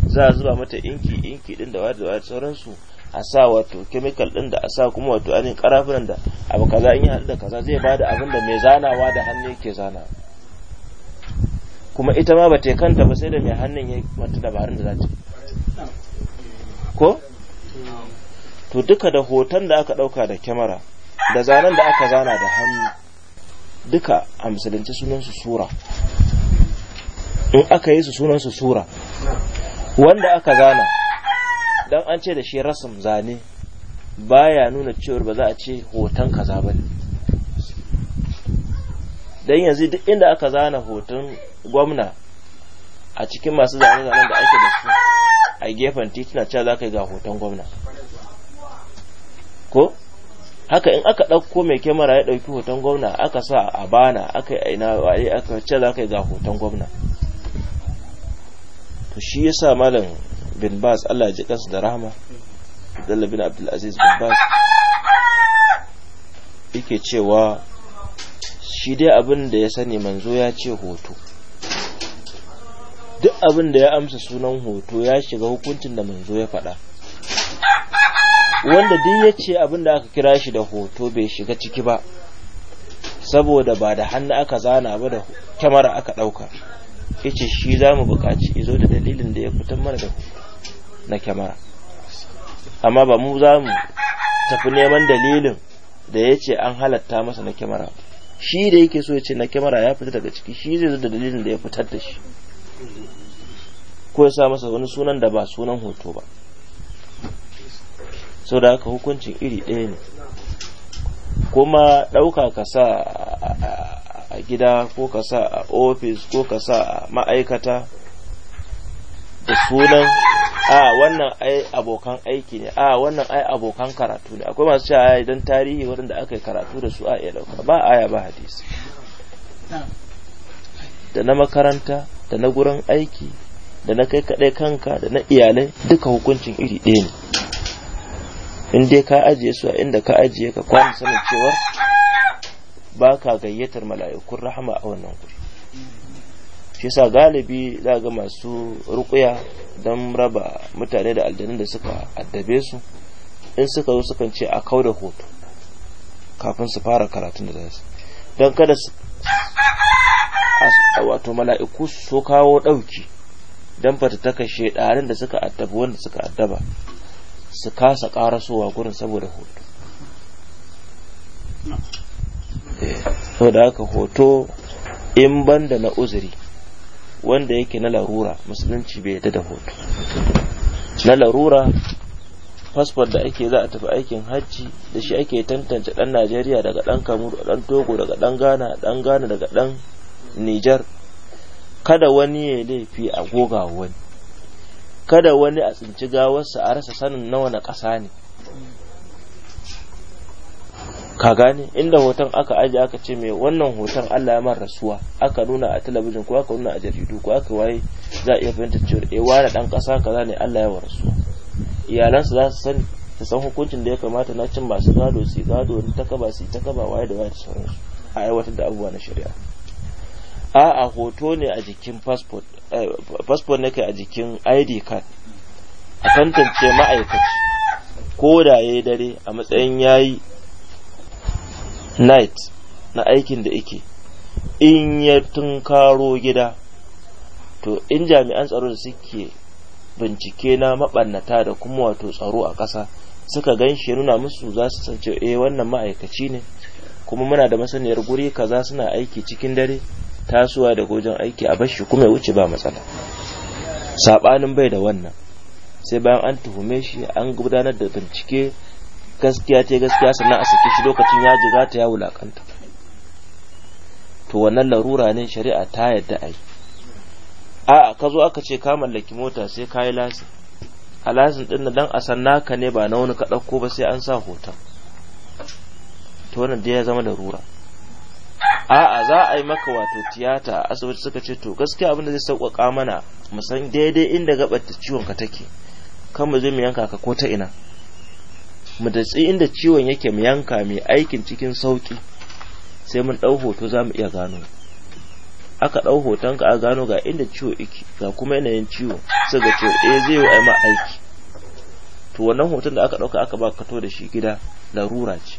za a zuba mata inki inki din da wadda wadda sauransu a sa wato kemikal din da a sa kuma wato anin karafunan da abu kaza in yi haɗu da kaza zai bada abin da mai zanawa da hannu yake zana kuma ita ma ba ta kanta ba sai da mai hannun ya mata dabarun da za ta ko to duka da hoton da aka ɗauka da kyamara da zanen da aka zana da hannu duka a musulunci sunansu sura in aka yi su sunansu sura wanda aka zana don an ce da shi rasin zane baya nuna cewar ba za a ce hoton kaza ba ne don yanzu duk inda aka zana hoton gwamna a cikin masu zane-zanen da ake da su a gefen titina cewa za ka yi ga hoton gwamna ko haka in aka ɗauko mai kyamara ya ɗauki hoton gwamna aka sa a bana aka yi aina waye aka ce za ka yi ga hoton gwamna to shi ya sa malam bin bas allah ji kansu da rahama dalla bin abdulaziz bin bas yake cewa shi dai abin da ya sani manzo ya ce hoto duk abin da ya amsa sunan hoto ya shiga hukuncin da manzo ya faɗa wanda duk ya ce abin da aka kira shi da hoto bai shiga ciki ba saboda ba da hannu aka zana ba da kyamara aka ɗauka ya ce shi za mu buƙaci izo da dalilin da ya fitan mana da na kyamara amma ba mu za tafi neman dalilin da ya ce an halatta masa na kyamara shi da yake so ya ce na kyamara ya fita daga ciki shi zai zo da dalilin da ya fitar da shi ko ya sa masa wani sunan da ba sunan hoto ba so da haka hukuncin iri ɗaya ne kuma ɗauka ka sa a gida ko ka sa a ofis ko ka sa a ma'aikata da sunan a wannan ai abokan aiki ne a wannan ai abokan karatu ne akwai masu cewa idan tarihi waɗanda aka yi karatu da su a iya ɗauka ba aya ba hadisi da na makaranta da na gurin aiki da na kai kaɗai kanka da na iyalai duka hukuncin iri ɗaya ne in dai ka ajiye su a inda ka ajiye ka kwana sanin cewa ba ka gayyatar mala'ikun rahama a wannan guri shi sa galibi za ga masu rukuya don raba mutane da aljanun da suka addabe su in suka zo sukan ce a kau da hoto kafin su fara karatun da za su don kada su wato mala'iku su kawo ɗauki don fata ta kashe ɗarin da suka addaba wanda suka addaba su kasa karasowa gurin saboda hoto saboda haka hoto in banda na uzuri wanda yake na larura musulunci bai yadda da hoto na larura fasfar da ake za a tafi aikin hajji da shi ake tantance dan najeriya daga dan kamuru dan togo daga dan ghana dan ghana daga dan nijar kada wani ya laifi a goga wani kada wani a tsinci gawarsa a rasa sanin na wani ƙasa ne ka gane inda hoton aka aje aka ce mai wannan hoton Allah ya mara rasuwa aka nuna a talabijin ko aka nuna a jaridu ko aka waye za a iya fahimtar cewa eh wani dan ƙasa kaza ne Allah ya rasu iyalansa za su sani su san hukuncin da ya kamata na cin masu gado su gado ta kaba su ta kaba waye da waye da sauransu a aiwatar da abubuwa na shari'a a'a hoto ne a jikin fasfot Eh, passport kai a jikin id card a tantance ma'aikaci ko da ya yi dare a matsayin ya yi night na aikin da ike in ya tunkaro gida to in jami'an tsaro da suke bincike na maɓannata da kuma wato tsaro a ƙasa suka gan shi nuna musu za su san eh, wannan ma'aikaci ne kuma muna da masaniyar guri kaza suna aiki cikin dare tasowa daga wajen aiki a bashi kuma ya wuce ba matsala sabanin bai da wannan sai bayan an tuhume shi an gudanar da bincike gaskiya ta gaskiya sannan a saki shi lokacin ya jiga ta ya wulakanta to wannan larura ne shari'a ta yadda a yi a ka zo aka ce ka mallaki mota sai ka yi lasin a lasin ɗin dan a san naka ne ba na wani ka ɗauko ba sai an sa hoton to wannan dai ya zama larura a'a za a yi maka wato tiyata asibiti suka ce to gaskiya abin da zai sauƙaƙa mana mu san daidai inda gabar ta ciwon ka take kan mu zai mu yanka ka ko ta ina mu datsi inda ciwon yake mu yanka mai aikin cikin sauƙi sai mun ɗau hoto za mu iya gano aka ɗau hoton ka a gano ga inda ciwo iki ga kuma yanayin ciwo sai ga ciwo eh zai yi ma aiki to wannan hoton da aka ɗauka aka ba ka to da shi gida larura ce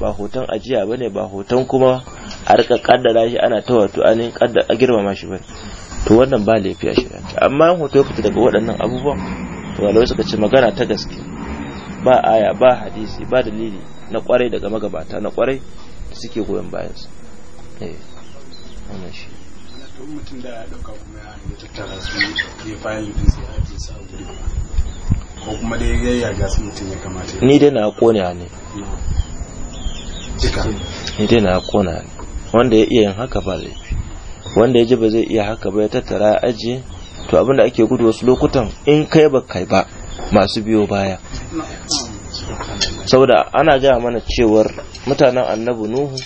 ba hoton ajiya bane ba hoton kuma a rika kaddara shi ana ta wato anin kaddara girmama shi bane to wannan ba laifi a shirya amma in hoto fita daga waɗannan abubuwan walau suka ce magana ta gaske ba aya ba hadisi ba dalili na kwarai daga magabata na kwarai da suke goyon bayan su eh wannan shi mutum da ya dauka kuma ya tattara su ya fayil din sai ya je sa guri ko kuma da ya yaga su mutum ya kamata ni dai na kone ne jika ya daina na kona ne wanda ya iya yin haka ba laifi wanda ya ji ba zai iya haka ba ya tattara ya ajiye to abin da ake gudu wasu lokutan in kai ba kai ba masu biyo baya saboda ana gaya mana cewar mutanen annabi nuhu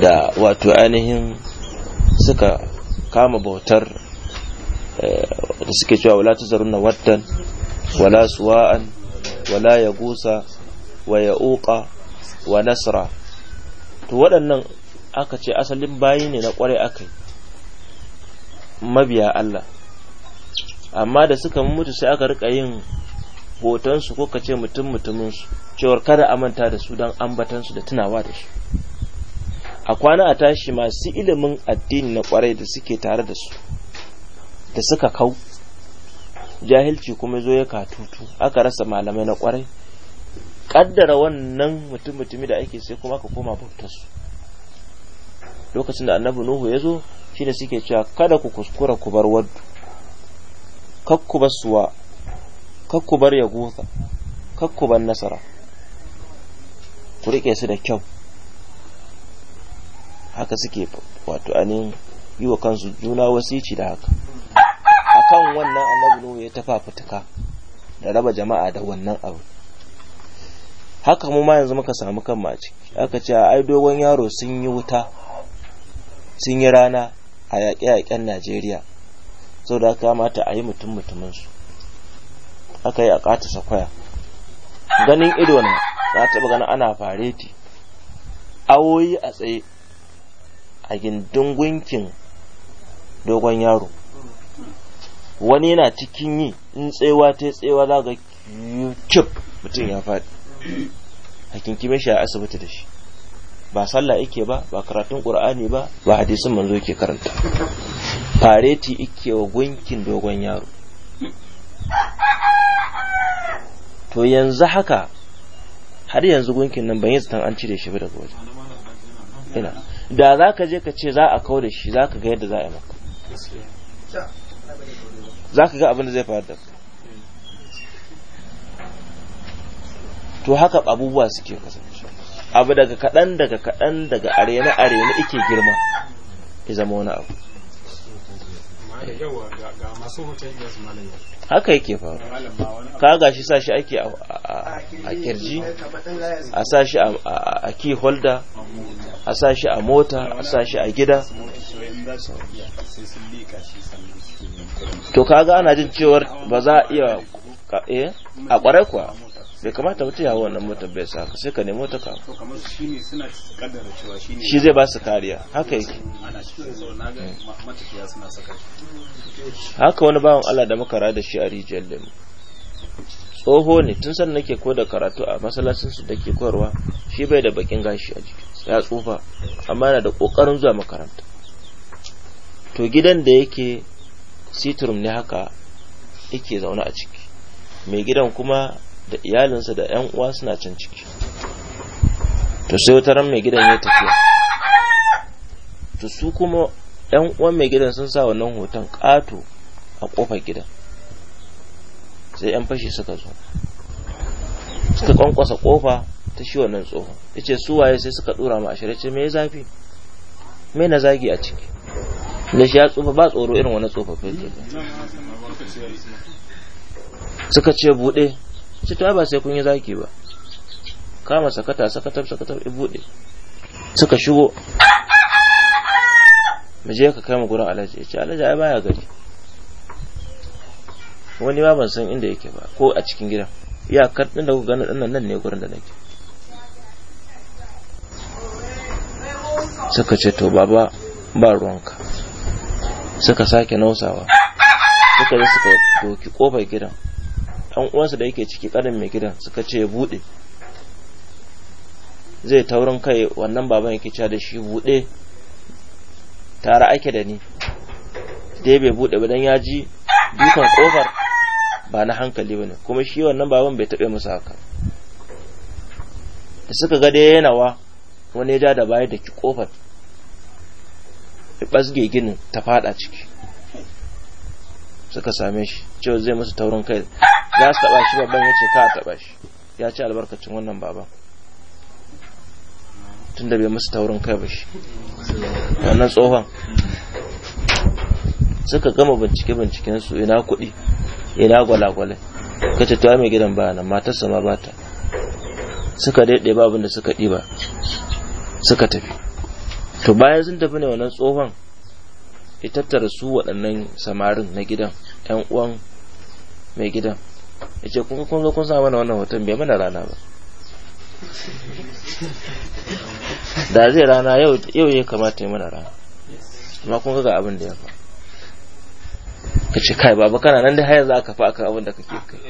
da wato ainihin suka kama bautar eh, da suke cewa wala tazarunna wattan wala suwa'an wala yagusa wa ya'uqa wa nasra to waɗannan aka ce asalin bayi ne na ƙwarai akai mabiya Allah amma da suka mutu sai aka rika yin hotonsu ko ka ce mutum mutuminsu cewar kada a manta da su don ambatansu da tunawa da shi a kwana a tashi masu ilimin addini na kwarai da suke tare da su da suka kau jahilci kuma zo ya katutu aka rasa malamai na kwarai kaddara wannan mutum mutumi da ake sai kuma ka koma bautarsu lokacin da annabi nuhu ya zo shine suke cewa kada ku kuskura ku bar waddu kakku bar suwa kakku bar ya gotha kakku bar nasara ku rike su da kyau haka suke wato anin yi wa kansu juna wasici da haka A kan wannan annabi nuhu ya tafa fituka da raba jama'a da wannan abu haka mu ma yanzu muka samu kan a ciki aka ce ai dogon yaro sun yi wuta sun yi rana a yaƙe-yaƙen Najeriya sau da aka mata a yi mutum su aka yi a ƙata sakwaya ganin ido na ta taɓa ganin ana fareti awoyi a tsaye a gindin gunkin dogon yaro wani yana cikin yi in tsewa ta tsewa za ga youtube mutum ya faɗi a kinkime shi a asibiti da shi ba sallah yake ba ba karatun qur'ani ba ba hadisin manzo yake karanta fareti yake wa gunkin dogon yaro to yanzu haka har yanzu gunkin nan ban yi zaton an cire shi ba daga waje ina da za ka je ka ce za a kau da shi za ka ga yadda za a yi maka za ka ga abin da zai faru da ka to haka abubuwa suke kasance abu daga kaɗan daga kaɗan daga arena arena ike girma ya zama wani abu haka yake faru ka ga sa shi ake a kirji a sa shi a key holder a sa shi a mota a sa shi a gida to kaga ana jin cewar ba za a iya eh, a kwarai kuwa bai kamata mutum ya hau wannan motar bai sa sai ka nemo ta kawo shi zai ba su kariya haka yake hmm. haka wani bawan Allah da makara da shi a rijiyar lemu tsoho ne tun san ke ko da karatu a masallacin su da ke koyarwa shi bai da bakin gashi a jiki ya tsufa amma yana da kokarin zuwa makaranta to gidan da yake sitrum ne haka yake zaune a ciki mai gidan kuma da iyalinsa da ‘yan uwa suna can ciki to sai wata ran mai gidan ya tafiya to su kuma ‘yan uwan mai gidan sun sa wannan hoton ƙato a ƙofar gidan sai ‘yan fashi suka zo suka kwankwasa ƙofa ta shi wannan tsohon yace su waye sai suka dora mu ashirin ce me zafi me na zagi a ciki da shi ya tsufa ba tsoro irin wani tsofaffin suka ce buɗe sai ta ba sai kun yi zaki ba kama sakata sakatar sakatar i bude suka shigo mu je ka mu gurin alhaji ya ce alhaji ai baya gari wani ba ban san inda yake ba ko a cikin gidan ya din da ku gani dinnan nan ne gurin da nake suka ce to baba ba ruwanka suka sake nausawa suka yi suka doki kofar gidan ɗan uwansa da yake ciki ƙarin mai gidan suka ce ya buɗe zai taurin kai wannan baban yake cewa da shi buɗe tare ake da ni dai bai buɗe ba don ya ji dukan ƙofar ba na hankali ba ne kuma shi wannan baban bai taɓe musu haka da suka ga dai yanawa wani ya ja da baya da ki ƙofar ya ɓasge ginin ta faɗa ciki suka same shi cewa zai musu taurin kai ya taba shi babban ya ce ka a shi ya ci albarkacin wannan baban tun da bai musu taurin kai ba shi wannan tsohon suka gama bincike bincikensu ina kuɗi ina gwalagwale ka ce tuwa mai gidan ba nan matarsa ma bata suka daidai babin da suka ɗiba suka tafi to bayan sun tafi ne wannan tsohon ya tattara su waɗannan samarin na gidan 'yan uwan mai gidan yace kun kun zo kun sa mana wannan hoton bai mana rana ba da zai rana yau yau ya kamata ya mana rana amma kun ga abin da ya fa ka ce kai baba kana nan dai har yanzu aka fa akan abin da kake kai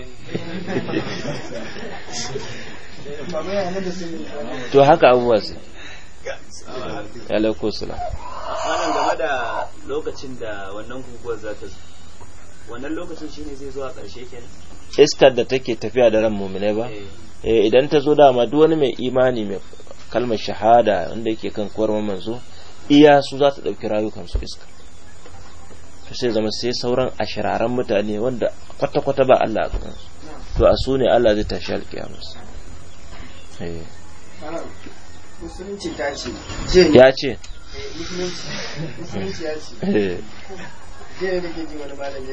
to haka abubuwa su ya lauko sula wannan game da lokacin da wannan guguwar za ta zo wannan lokacin shine zai zo a ƙarshe kenan iskar da take tafiya da ran muminai ba eh. eh idan ta zo dama duk wani mai imani mai kalmar shahada wanda yake kan kuwar manzo iya su za ta ɗauki rayukan su iska to sai zama sai sauran ashiraran mutane wanda kwata-kwata ba Allah a gaban su to a su ne Allah zai tashi alƙiyama eh. musulunci ta ce ya ce eh, musulunci ya ce shi ne nake ji wani malami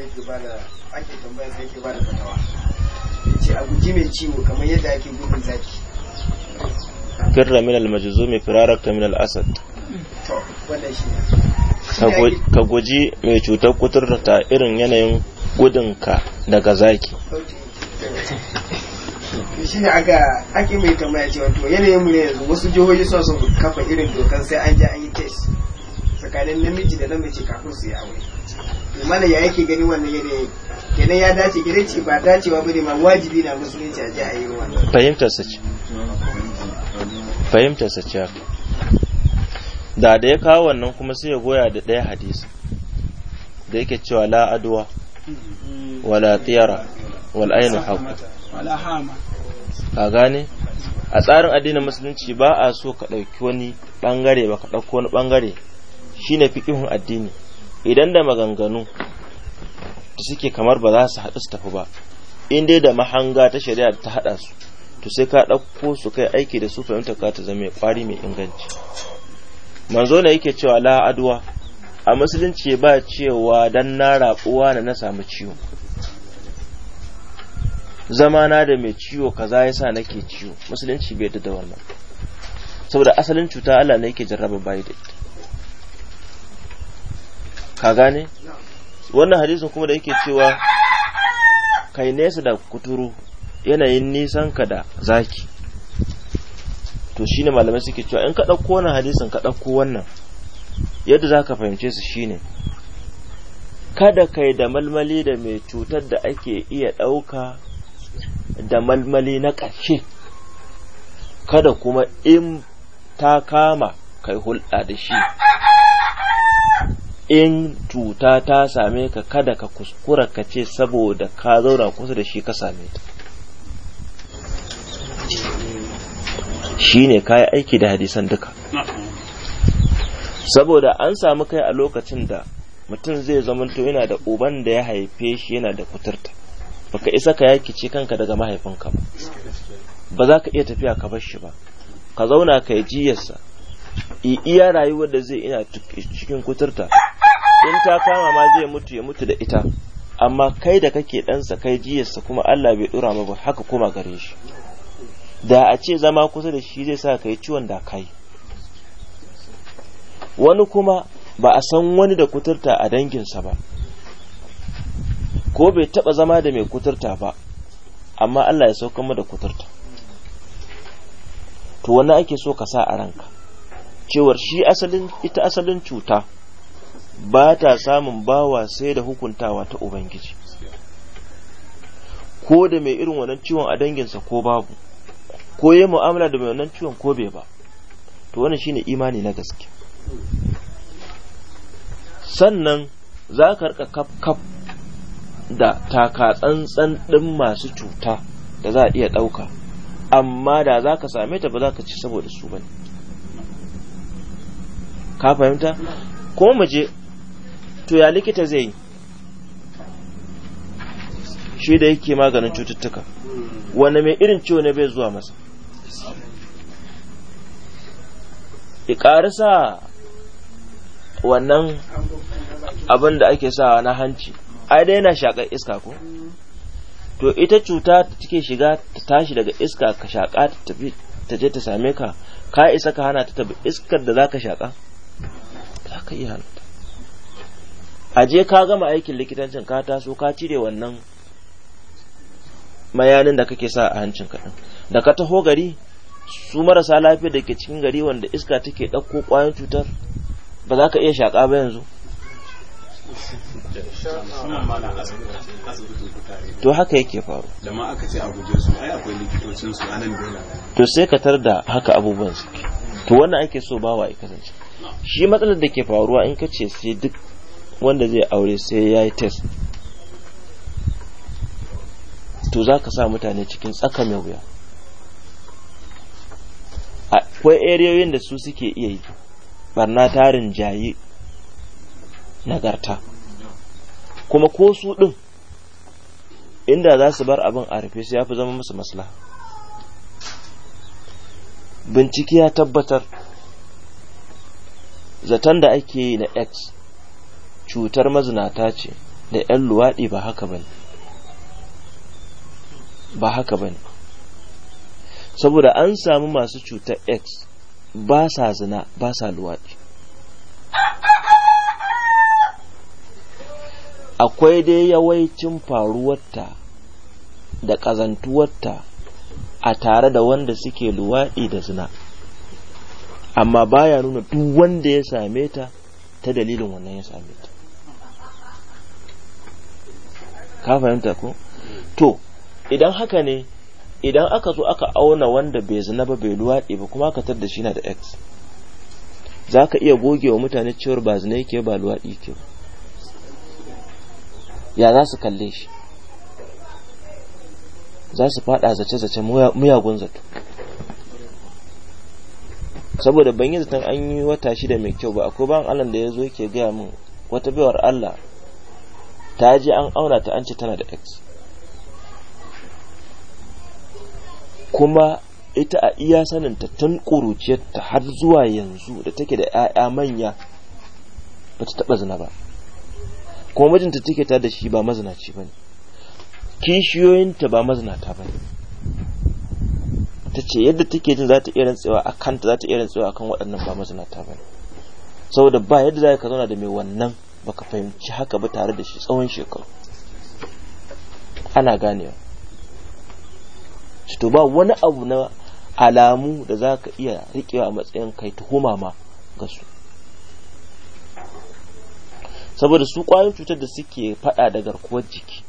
a guji mai ciwo kamar min al min ka guji mai cutar kuturta irin yanayin gudunka daga zaki shi ne aka ake mai tambaya cewa to yanayin mu ne yanzu wasu jihohi suna kafa irin dokan sai an je an yi test tsakanin namiji da namiji kafin su yi aure mana ya yake gani wannan yanayi kenan ya dace gidan ce ba dacewa ba ne ma wajibi na musulunci a ji a yi wannan fahimtar sa ce fahimtar sa ce da da ya kawo wannan kuma sai ya goya da ɗaya hadisi da yake cewa la adwa wala tiyara wal ainu ka gane a tsarin addinin musulunci ba a so ka ɗauki wani ɓangare ba ka ɗauki wani ɓangare Shi shine fiqihun addini idan da maganganu da suke kamar ba za su haɗu su tafi ba in dai da mahanga ta shari'a ta haɗa su to sai ka ɗauko su kai aiki da su fahimta ka ta zama ƙwari mai inganci manzo ne yake cewa la a musulunci ba cewa dan na raɓuwa na na samu ciwo Zama na da mai ciwo kaza yasa nake ciwo musulunci bai da wannan saboda asalin cuta Allah ne yake jarraba bayi da ita ka gane wannan hadisin kuma da yake cewa kai nesa da kuturu yanayin nisan ka da zaki to shine malamai suke cewa in ka ɗauko wannan hadisin ka dauko wannan yadda zaka fahimce su shine kada kai da malmali da mai cutar da ake iya ɗauka da malmali na ƙarshe kada kuma in ta kama kai hulɗa da shi in cuta ta same ka kada ka kuskura ka ce saboda ka zauna kusa da shi ka same ta Shi ka kayi aiki da hadisan duka saboda an samu kai a lokacin da mutum zai zamanto yana da uban da ya haife shi yana da kuturta baka isa ka yakice kanka daga mahaifinka ba ba za ka iya tafiya ka bar shi ba ka zauna ka yi jiyarsa iya rayuwar da zai ina cikin kuturta in ta kama ma zai mutu ya mutu da ita amma kai da kake ɗansa kai jiyarsa kuma Allah bai ɗura ma haka kuma gare shi da a ce zama kusa da shi zai sa kai ciwon da kai wani kuma ba a san wani da kuturta a danginsa ba ko bai taɓa zama da mai kuturta ba amma Allah ya sauka mu da kuturta to wani ake so ka sa a ranka cewar shi asalin ita asalin cuta ba ta samun bawa sai da hukuntawa ta ubangiji ko da mai irin wannan ciwon a danginsa ko babu ko ya mu'amala da mai wannan ciwon ko bai ba to shi ne imani na gaske sannan za ka rika kaf kaf da taka tsantsan ɗin masu cuta da za a iya ɗauka amma da za ka same ta ba za ka ci saboda su ba ne ka fahimta ko mu to ya likita zai yi shi da yake maganin cututtuka wanda mai irin ciwo ne bai zuwa masa sa wannan abin da ake sawa na hanci ai dai yana shaƙar iska ko to ita cuta ta cike shiga ta tashi daga iska ka shaƙa ta tafi ta je ta same ka ka isa ka hana ta tabi iskar da za ka shaƙa za ka iya hana a je ka gama aikin likitancin ka taso ka cire wannan mayanin da kake sa a hancin kaɗan da ka taho gari su marasa lafiya da ke cikin gari wanda iska take ɗauko ƙwayan cutar ba za ka iya shaƙa ba yanzu to haka yake faru da ma aka ce a guje su ai akwai likitocin su anan dole to sai ka tar da haka abubuwan su to wannan ake so ba ya kasance shi matsalar da ke faruwa in ka ce sai duk wanda zai aure sai ya yi test to za ka sa mutane cikin tsaka mai wuya akwai ariyoyin da su suke iya yi barna tarin jayi nagarta kuma ko su ɗin inda za su bar abin a rufe su ya fi zama musu masla bincike ya tabbatar zaton da ake yi na x cutar mazinata ce da 'yan luwaɗi ba haka ba ba haka ba saboda an samu masu cutar x ba sa zina ba sa luwaɗi akwai dai yawaicin faruwarta da ƙazantuwarta a tare da wanda suke luwaɗi da zina amma baya nuna duk wanda ya same ta ta dalilin wannan ya same ka fahimta ko to idan haka ne idan aka zo aka auna wanda bai zina ba bai luwaɗi ba kuma aka da shi na da x za ka iya goge wa mutane cewar ba zina yake ba luwaɗi ke ya za su kalle shi za su faɗa zace-zace muyagun zato saboda ban yi zaton an yi wata shida mai kyau ba akwai ban allah da ya zo yake gaya min wata baiwar allah ta je an auna ta an ce tana da x kuma ita a iya saninta tun ƙuruciyarta har zuwa yanzu da take da 'ya'ya manya ba ta taɓa zina ba kuma mijinta take ta da shi ba mazinaci ba ne kishiyoyinta ba mazinata ba ne ta ce yadda take jin za ta irin tsewa a kanta za ta 'irin tsewa a kan waɗannan ba mazinata ba ne saboda ba yadda za ka zauna da mai wannan baka fahimci haka ba tare da shi tsawon shekaru ana ganewa to ba wani abu na alamu da za ka iya riƙewa a matsayin kai tuhuma ma ga su saboda su ƙwayoyin cutar da suke faɗa da garkuwar jiki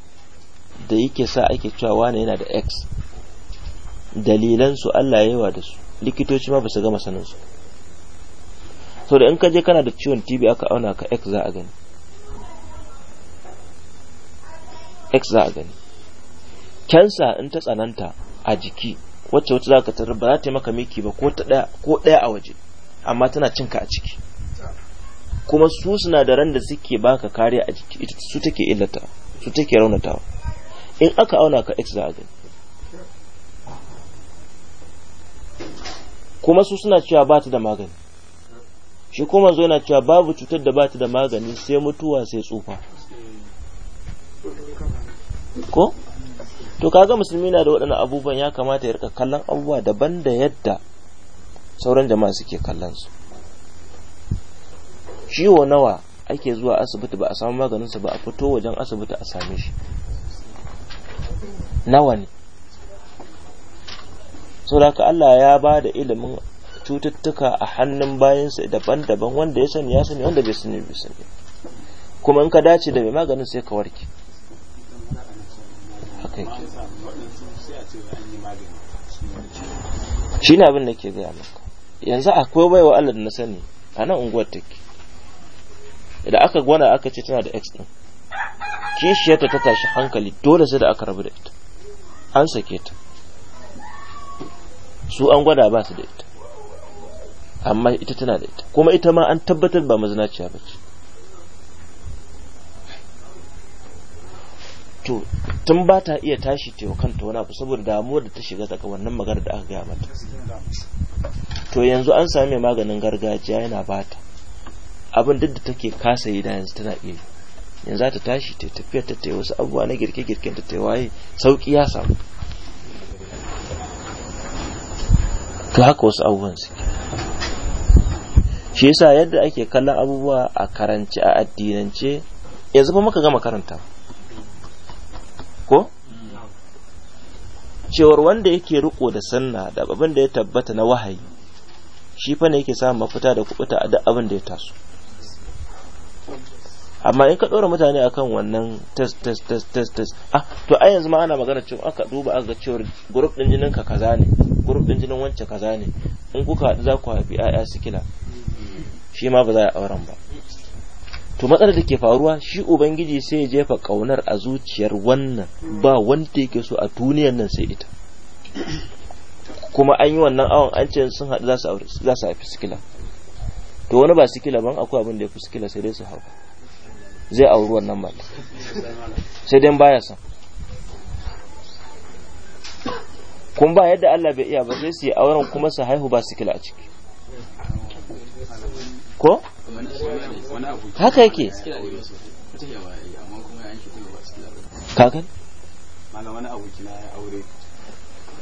da yake sa ake cewa wane yana da x dalilan su Allah yawa da su likitoci ma ba su gama saninsu. su da in ka je kana da ciwon TB aka auna ka x za a gani x za a gani kensa in ta tsananta a jiki wacce wacce za ka tarar ba za ta yi maka miki ba ko ɗaya a waje amma tana cinka a ciki kuma su sinadaran da suke baka kariya a jiki ita su take illata su take raunatawa in aka auna ka x za a gani kuma su suna cewa ba ta da magani shi kuma zo yana cewa babu cutar da ba ta da magani sai mutuwa sai tsufa ko to kaga musulmi na da waɗannan abubuwan ya kamata ya rika kallon abubuwa daban da yadda sauran jama'a suke kallon su ciwo nawa ake zuwa asibiti ba a samu maganin sa ba a fito wajen asibiti a same shi nawa ne saboda Allah ya ba da ilimin cututtuka a hannun bayansa daban-daban wanda ya sani ya sani wanda bai sani bai sani kuma in ka dace da mai maganin sai ka warke shi ne abin da ke gaya maka yanzu akwai wa Allah da na sani a nan unguwar take da aka gwana aka ce tana da x din kishiyarta ta tashi hankali dole sai da aka rabu da ita an sake ta su an gwada ba su da ita amma ita tana da ita kuma ita ma an tabbatar ba mazinaciya ba ce to tun ba ta iya tashi ta kanta wani abu saboda damuwar da ta shiga daga wannan magana da aka gaya mata to yanzu an sami maganin gargajiya yana bata abin duk da take kasa yi da yanzu tana iya yanzu za ta tashi ta tafiya ta tewa wasu abubuwa na girke girken ta tewa waye sauki ya samu ta haka wasu abubuwan su shi yasa yadda ake kallon abubuwa a karance a addinance yanzu ba muka gama karanta ko cewar wanda yake riko da sanna da abin da ya tabbata na wahayi shi fa ne yake samun mafita da kubuta a duk abin da ya taso amma in ka ɗora mutane akan wannan test test test test test ah to a yanzu ma ana magana cewa aka duba aka ga cewa group din jinin ka kaza ne group din jinin wancan kaza ne in kuka haɗu za ku haifi 'ya'ya sikila shi ma ba za a auren ba to matsalar da ke faruwa shi ubangiji sai ya jefa kaunar a zuciyar wannan ba wanda yake so a duniyar nan sai ita kuma an yi wannan awon an ce sun haɗu za su haifi sikila to wani ba sikila ban akwai abin da ya fi sikila sai dai su hau zai auri wannan mata sai dai baya san kun ba yadda Allah bai iya ba sai su yi auren kuma su haihu ba sikila a ciki ko haka yake kakan mana wani abu kina ya aure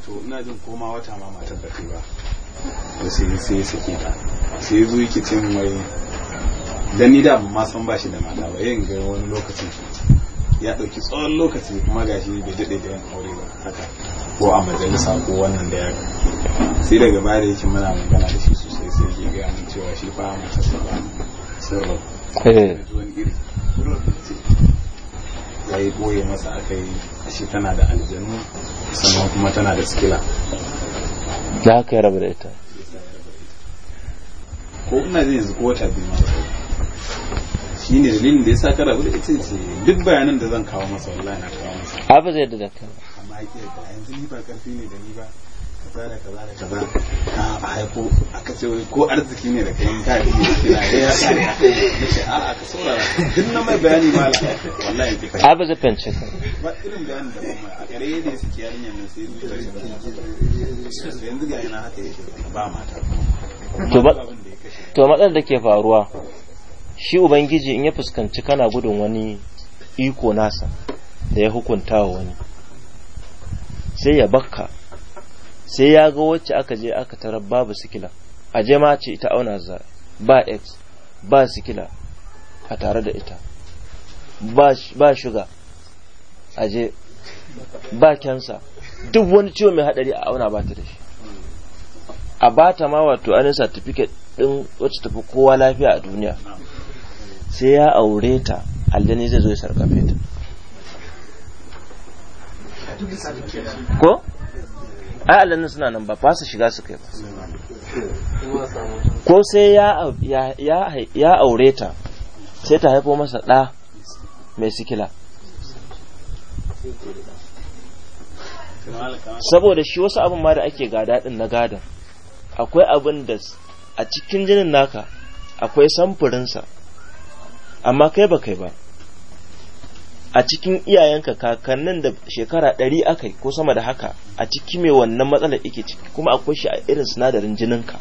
to ina jin koma wata ma matar da kai ba da sai sai ya sake ta sai zuwa zo mai dan ni da ma san ba shi da mata ba yin ga wani lokacin ya ɗauki tsawon lokaci kuma ga shi bai daɗe da yin aure ba haka ko a majalisa ko wannan da ya sai daga baya da yake muna magana da shi sosai sai ke gaya mun cewa shi fa mace sa ba sirrin eh. iri ya yi ɓoye masa akai shi tana da aljanu sannan kuma tana da sikila da haka ya rabu da ita ko ina zai yanzu ko wata biyu shi ne dalilin da ya sa ka rabu da ita ce duk bayanan da zan kawo masa wallahi na kawo masa abu zai da amma ake da yanzu ni ba karfi ne da ni ba kaza da kaza da kaza a aka ce wai ko arziki ne da kai ka yi ya sa ne a aka na mai bayani wallahi zai ka ba irin bayanin da kuma a gare ne nan sai yanzu ga yana haka yake ba mata to matsalar da ke faruwa shi ubangiji in ya fuskanci kana gudun wani iko nasa da ya hukunta wa wani sai ya bakka sai ya ga wacce aka je aka tarar babu sikila a je mace ce ita auna za ba x ba sikila a tare da ita ba shuga a je ba kyansa duk wani ciwo mai hadari a auna ba ta da shi a ba ta ma wato anin certificate din wacce tafi kowa lafiya a duniya sai ya aure ta aljani zai zo ya sarkafe ta ko ai aljani suna nan ba fa su shiga su kai ba ko sai ya aure ta sai ta haifo masa ɗa mai sikila saboda shi wasu abin ma da ake gada din na gadan akwai abin da a cikin jinin naka akwai samfurinsa amma kai ba kai ba a cikin iyayenka kakannin da shekara ɗari aka ko sama da haka a ciki mai wannan matsalar ike ciki kuma akwai shi a irin sinadarin jininka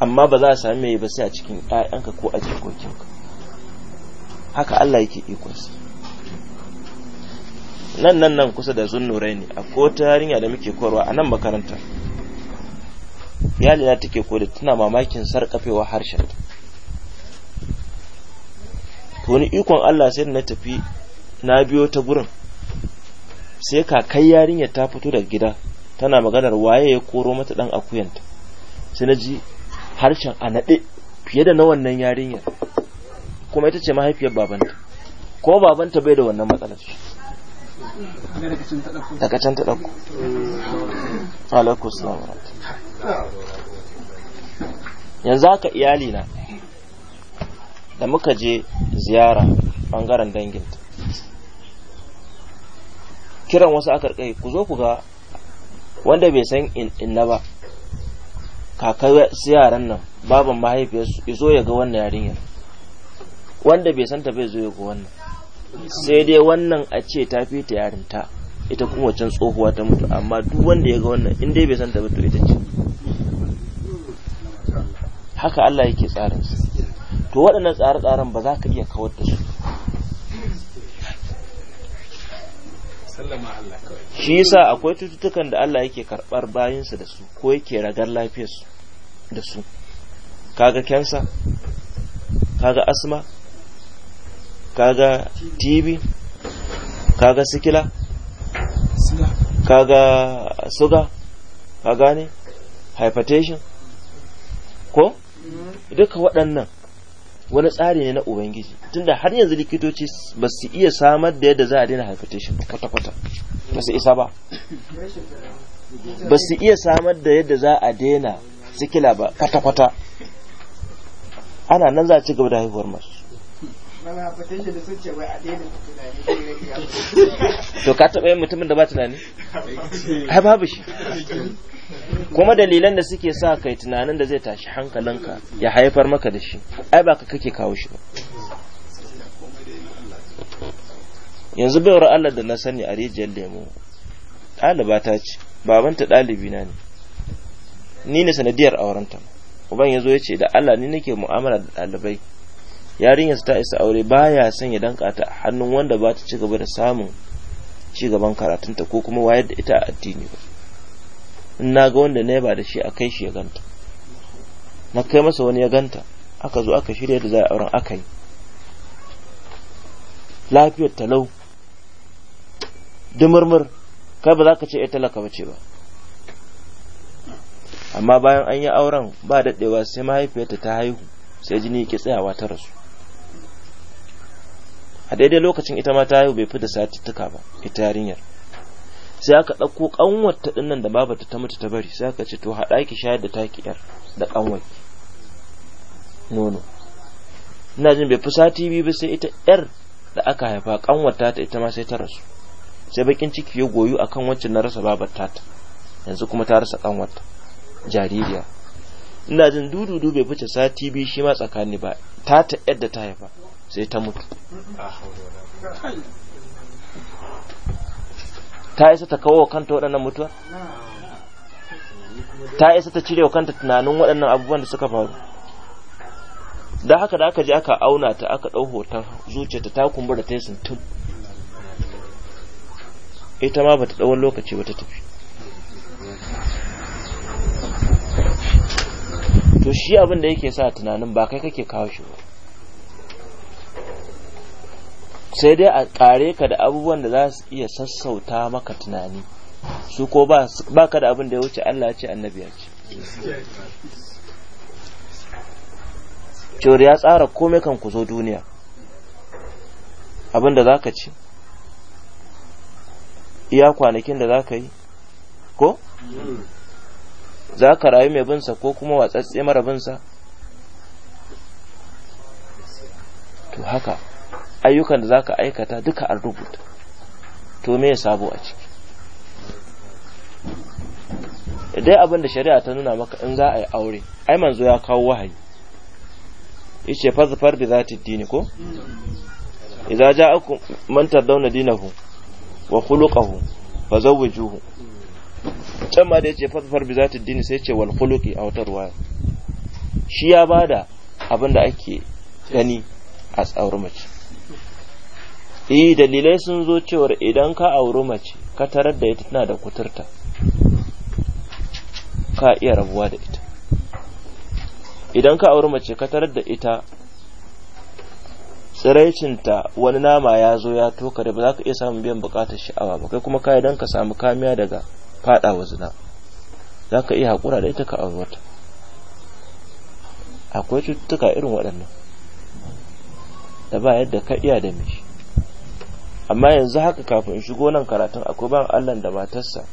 amma ba za a sami mai ba sai a cikin ƴaƴanka ko a jikokinka haka Allah yake ikonsa nan nan nan kusa da zunnurai ne a ko ta yarinya da muke korwa a nan makaranta yalina take koda tana mamakin sarƙafewa harshen wani ikon Allah sai na tafi na biyo ta gurin sai kai yarinyar ta fito daga gida tana maganar waye ya koro mata dan akuyanta sai na ji harshen a naɗe fiye da na wannan yarinyar kuma ita ce mahaifiyar babanta ko babanta bai da wannan matsalar shi daga can ta ɗauko alaikun yanzu haka iyalina da muka je ziyara bangaren danginta kiran wasu aka kai ku zo ku ga wanda bai san inna ba kakar su yaran nan baban mahaifiyarsu izo ya ga wannan yarinyar wanda bai san ta bai zo ya ga wannan sai dai wannan a ce ta fi ta yarinta ita kuma wacan tsohuwa ta mutu amma duk wanda ya ga wannan in dai bai san ta ba to ita ce haka Allah yake tsarinsa to waɗannan tsare-tsaren ba za ka iya kawar da su shi yasa akwai cututtukan da Allah yake karɓar bayansa da su ko yake ragar lafiyarsu da su kaga kensa kaga asma kaga tb kaga sikila kaga suga ka ne? hypertension ko duka waɗannan wani tsari ne na ubangiji tunda har yanzu likitoci ba su iya samar da yadda za a daina hypertension ba kwata-kwata ba su isa ba ba su iya samar da yadda za a daina sikila ba kwata-kwata ana nan za a ci gaba da haihuwar masu to ka taɓa yin mutumin da ba tunani ai babu shi kuma dalilan da suke sa kai tunanin da zai tashi hankalinka ya haifar maka da shi ai ba ka kake kawo shi ba yanzu baiwar Allah da na sani a rijiyar lemo ɗaliba ta ce babanta ɗalibi na ne ni ne sanadiyar aurenta uban ya zo ya ce da Allah ni nake mu'amala da ɗalibai yarinyarsa ta isa aure baya son ya danka ta hannun wanda ba ta ci gaba da samun ci gaban karatunta ko kuma wayar da ita a addini ba in na ga wanda na ba da shi a kai shi ya ganta na kai masa wani ya ganta aka zo aka shirya da za a auren aka yi lafiyar talau dumurmur kai ba za ka ce ya talaka ba ce ba amma bayan an yi auren ba daɗewa sai mahaifiyarta ta haihu sai jini ki tsayawa ta rasu a daidai lokacin ita ma ta haihu bai fi da satuttuka ba ita yarinyar sai aka ɗauko ƙanwarta ɗin nan da babata ta mutu ta bari sai aka ce to haɗa ki shayar da taki yar da ƙanwar nono ina jin bai fi sati ba sai ita ƴar da aka haifa ƙanwar ta ita ma sai ta rasu sai bakin ciki ya goyu akan wacce na rasa babar ta yanzu kuma ta rasa ta jaririya ina jin dududu bai fice sati biyu shi ma tsakani ba ta yar da ta haifa sai ta mutu ta isa ta kawo kanta waɗannan mutuwa? ta isa ta cire kanta tunanin waɗannan abubuwan da suka faru da haka da aka je aka auna ta aka ɗau hoton zuciyarta ta kumbura ta yi tun ita ma bata ɗau lokaci ba ta tafi to shi abin da yake sa tunanin ba kai kake kawo shi ba sai dai a kare ka da abubuwan da za su iya sassauta maka tunani su ko ba ka da abin da ya wuce Allah ce annabi ya ce ya tsara komai kan ku zo duniya abin da za ka ci iya kwanakin da za ka yi ko za ka rayu mai binsa ko kuma watsatse mara binsa to haka ayyukan da za ka aikata duka an rubuta to me ya sabo a ciki dai abin da shari'a ta nuna maka in za a yi aure ai manzo ya kawo wahayi ce, da fazfar za ta dini ko idza ja'akum man tardawna dinahu wa khuluquhu fazawwijuhu can ma da yace fazfar bi zati dini sai yace wal khuluqi aw tarwa shi ya bada abin da ake gani a tsaurin mace eh dalilai sun zo cewar idan ka auri mace ka tarar da ita tana da kuturta ka iya rabuwa da ita idan ka auri mace ka tarar da ita tsiraicinta wani nama ya zo ya toka da ba za ka iya samun biyan bukatar sha'awa ba kai kuma ka idan ka samu kamiya daga fadawa zina za ka iya haƙura da ita ka auri wata akwai cututtuka irin waɗannan da ba yadda ka iya da mishi amma yanzu haka kafin in shigo nan karatun akwai ban Allah da matarsa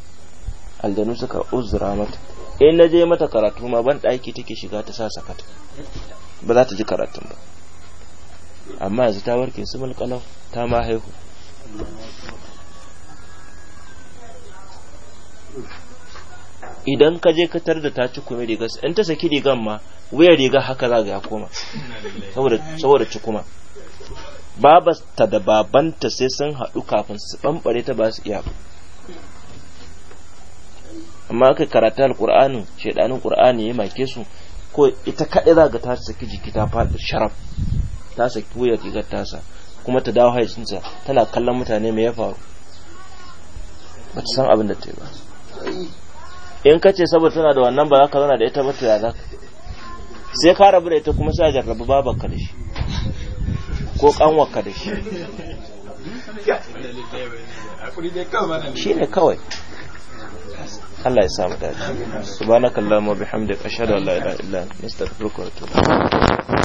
aljanu suka uzura mata in na je mata karatu ma ban ɗaki take shiga ta sa sakata ba za ta ji karatun ba amma yanzu ta warke su mulkalau ta ma haihu idan ka je ka tar da ta ci kuma rigas in ta saki rigan ma wuya riga haka za ga ya koma saboda ci babasta da babanta sai sun haɗu kafin su ɓamɓare ta ba su iya amma aka karata alƙur'anin shaidanin ƙur'ani ya make su ko ita kaɗai za ga ta saki jiki ta faɗi sharaf ta saki wuyar rigar tasa kuma ta dawo haicinsa tana kallon mutane mai ya faru ba ta san abin da ta yi ba in ka ce saboda tana da wannan ba za ka zana da ita ba ta ya za sai ka rabu da ita kuma sai a jarrabu babanka da shi ko kanwarka da shi shi ne kawai Allah ya samu dace subhanakallahumma bihamdika ashhadu an la ilaha illa anta astaghfiruka wa atubu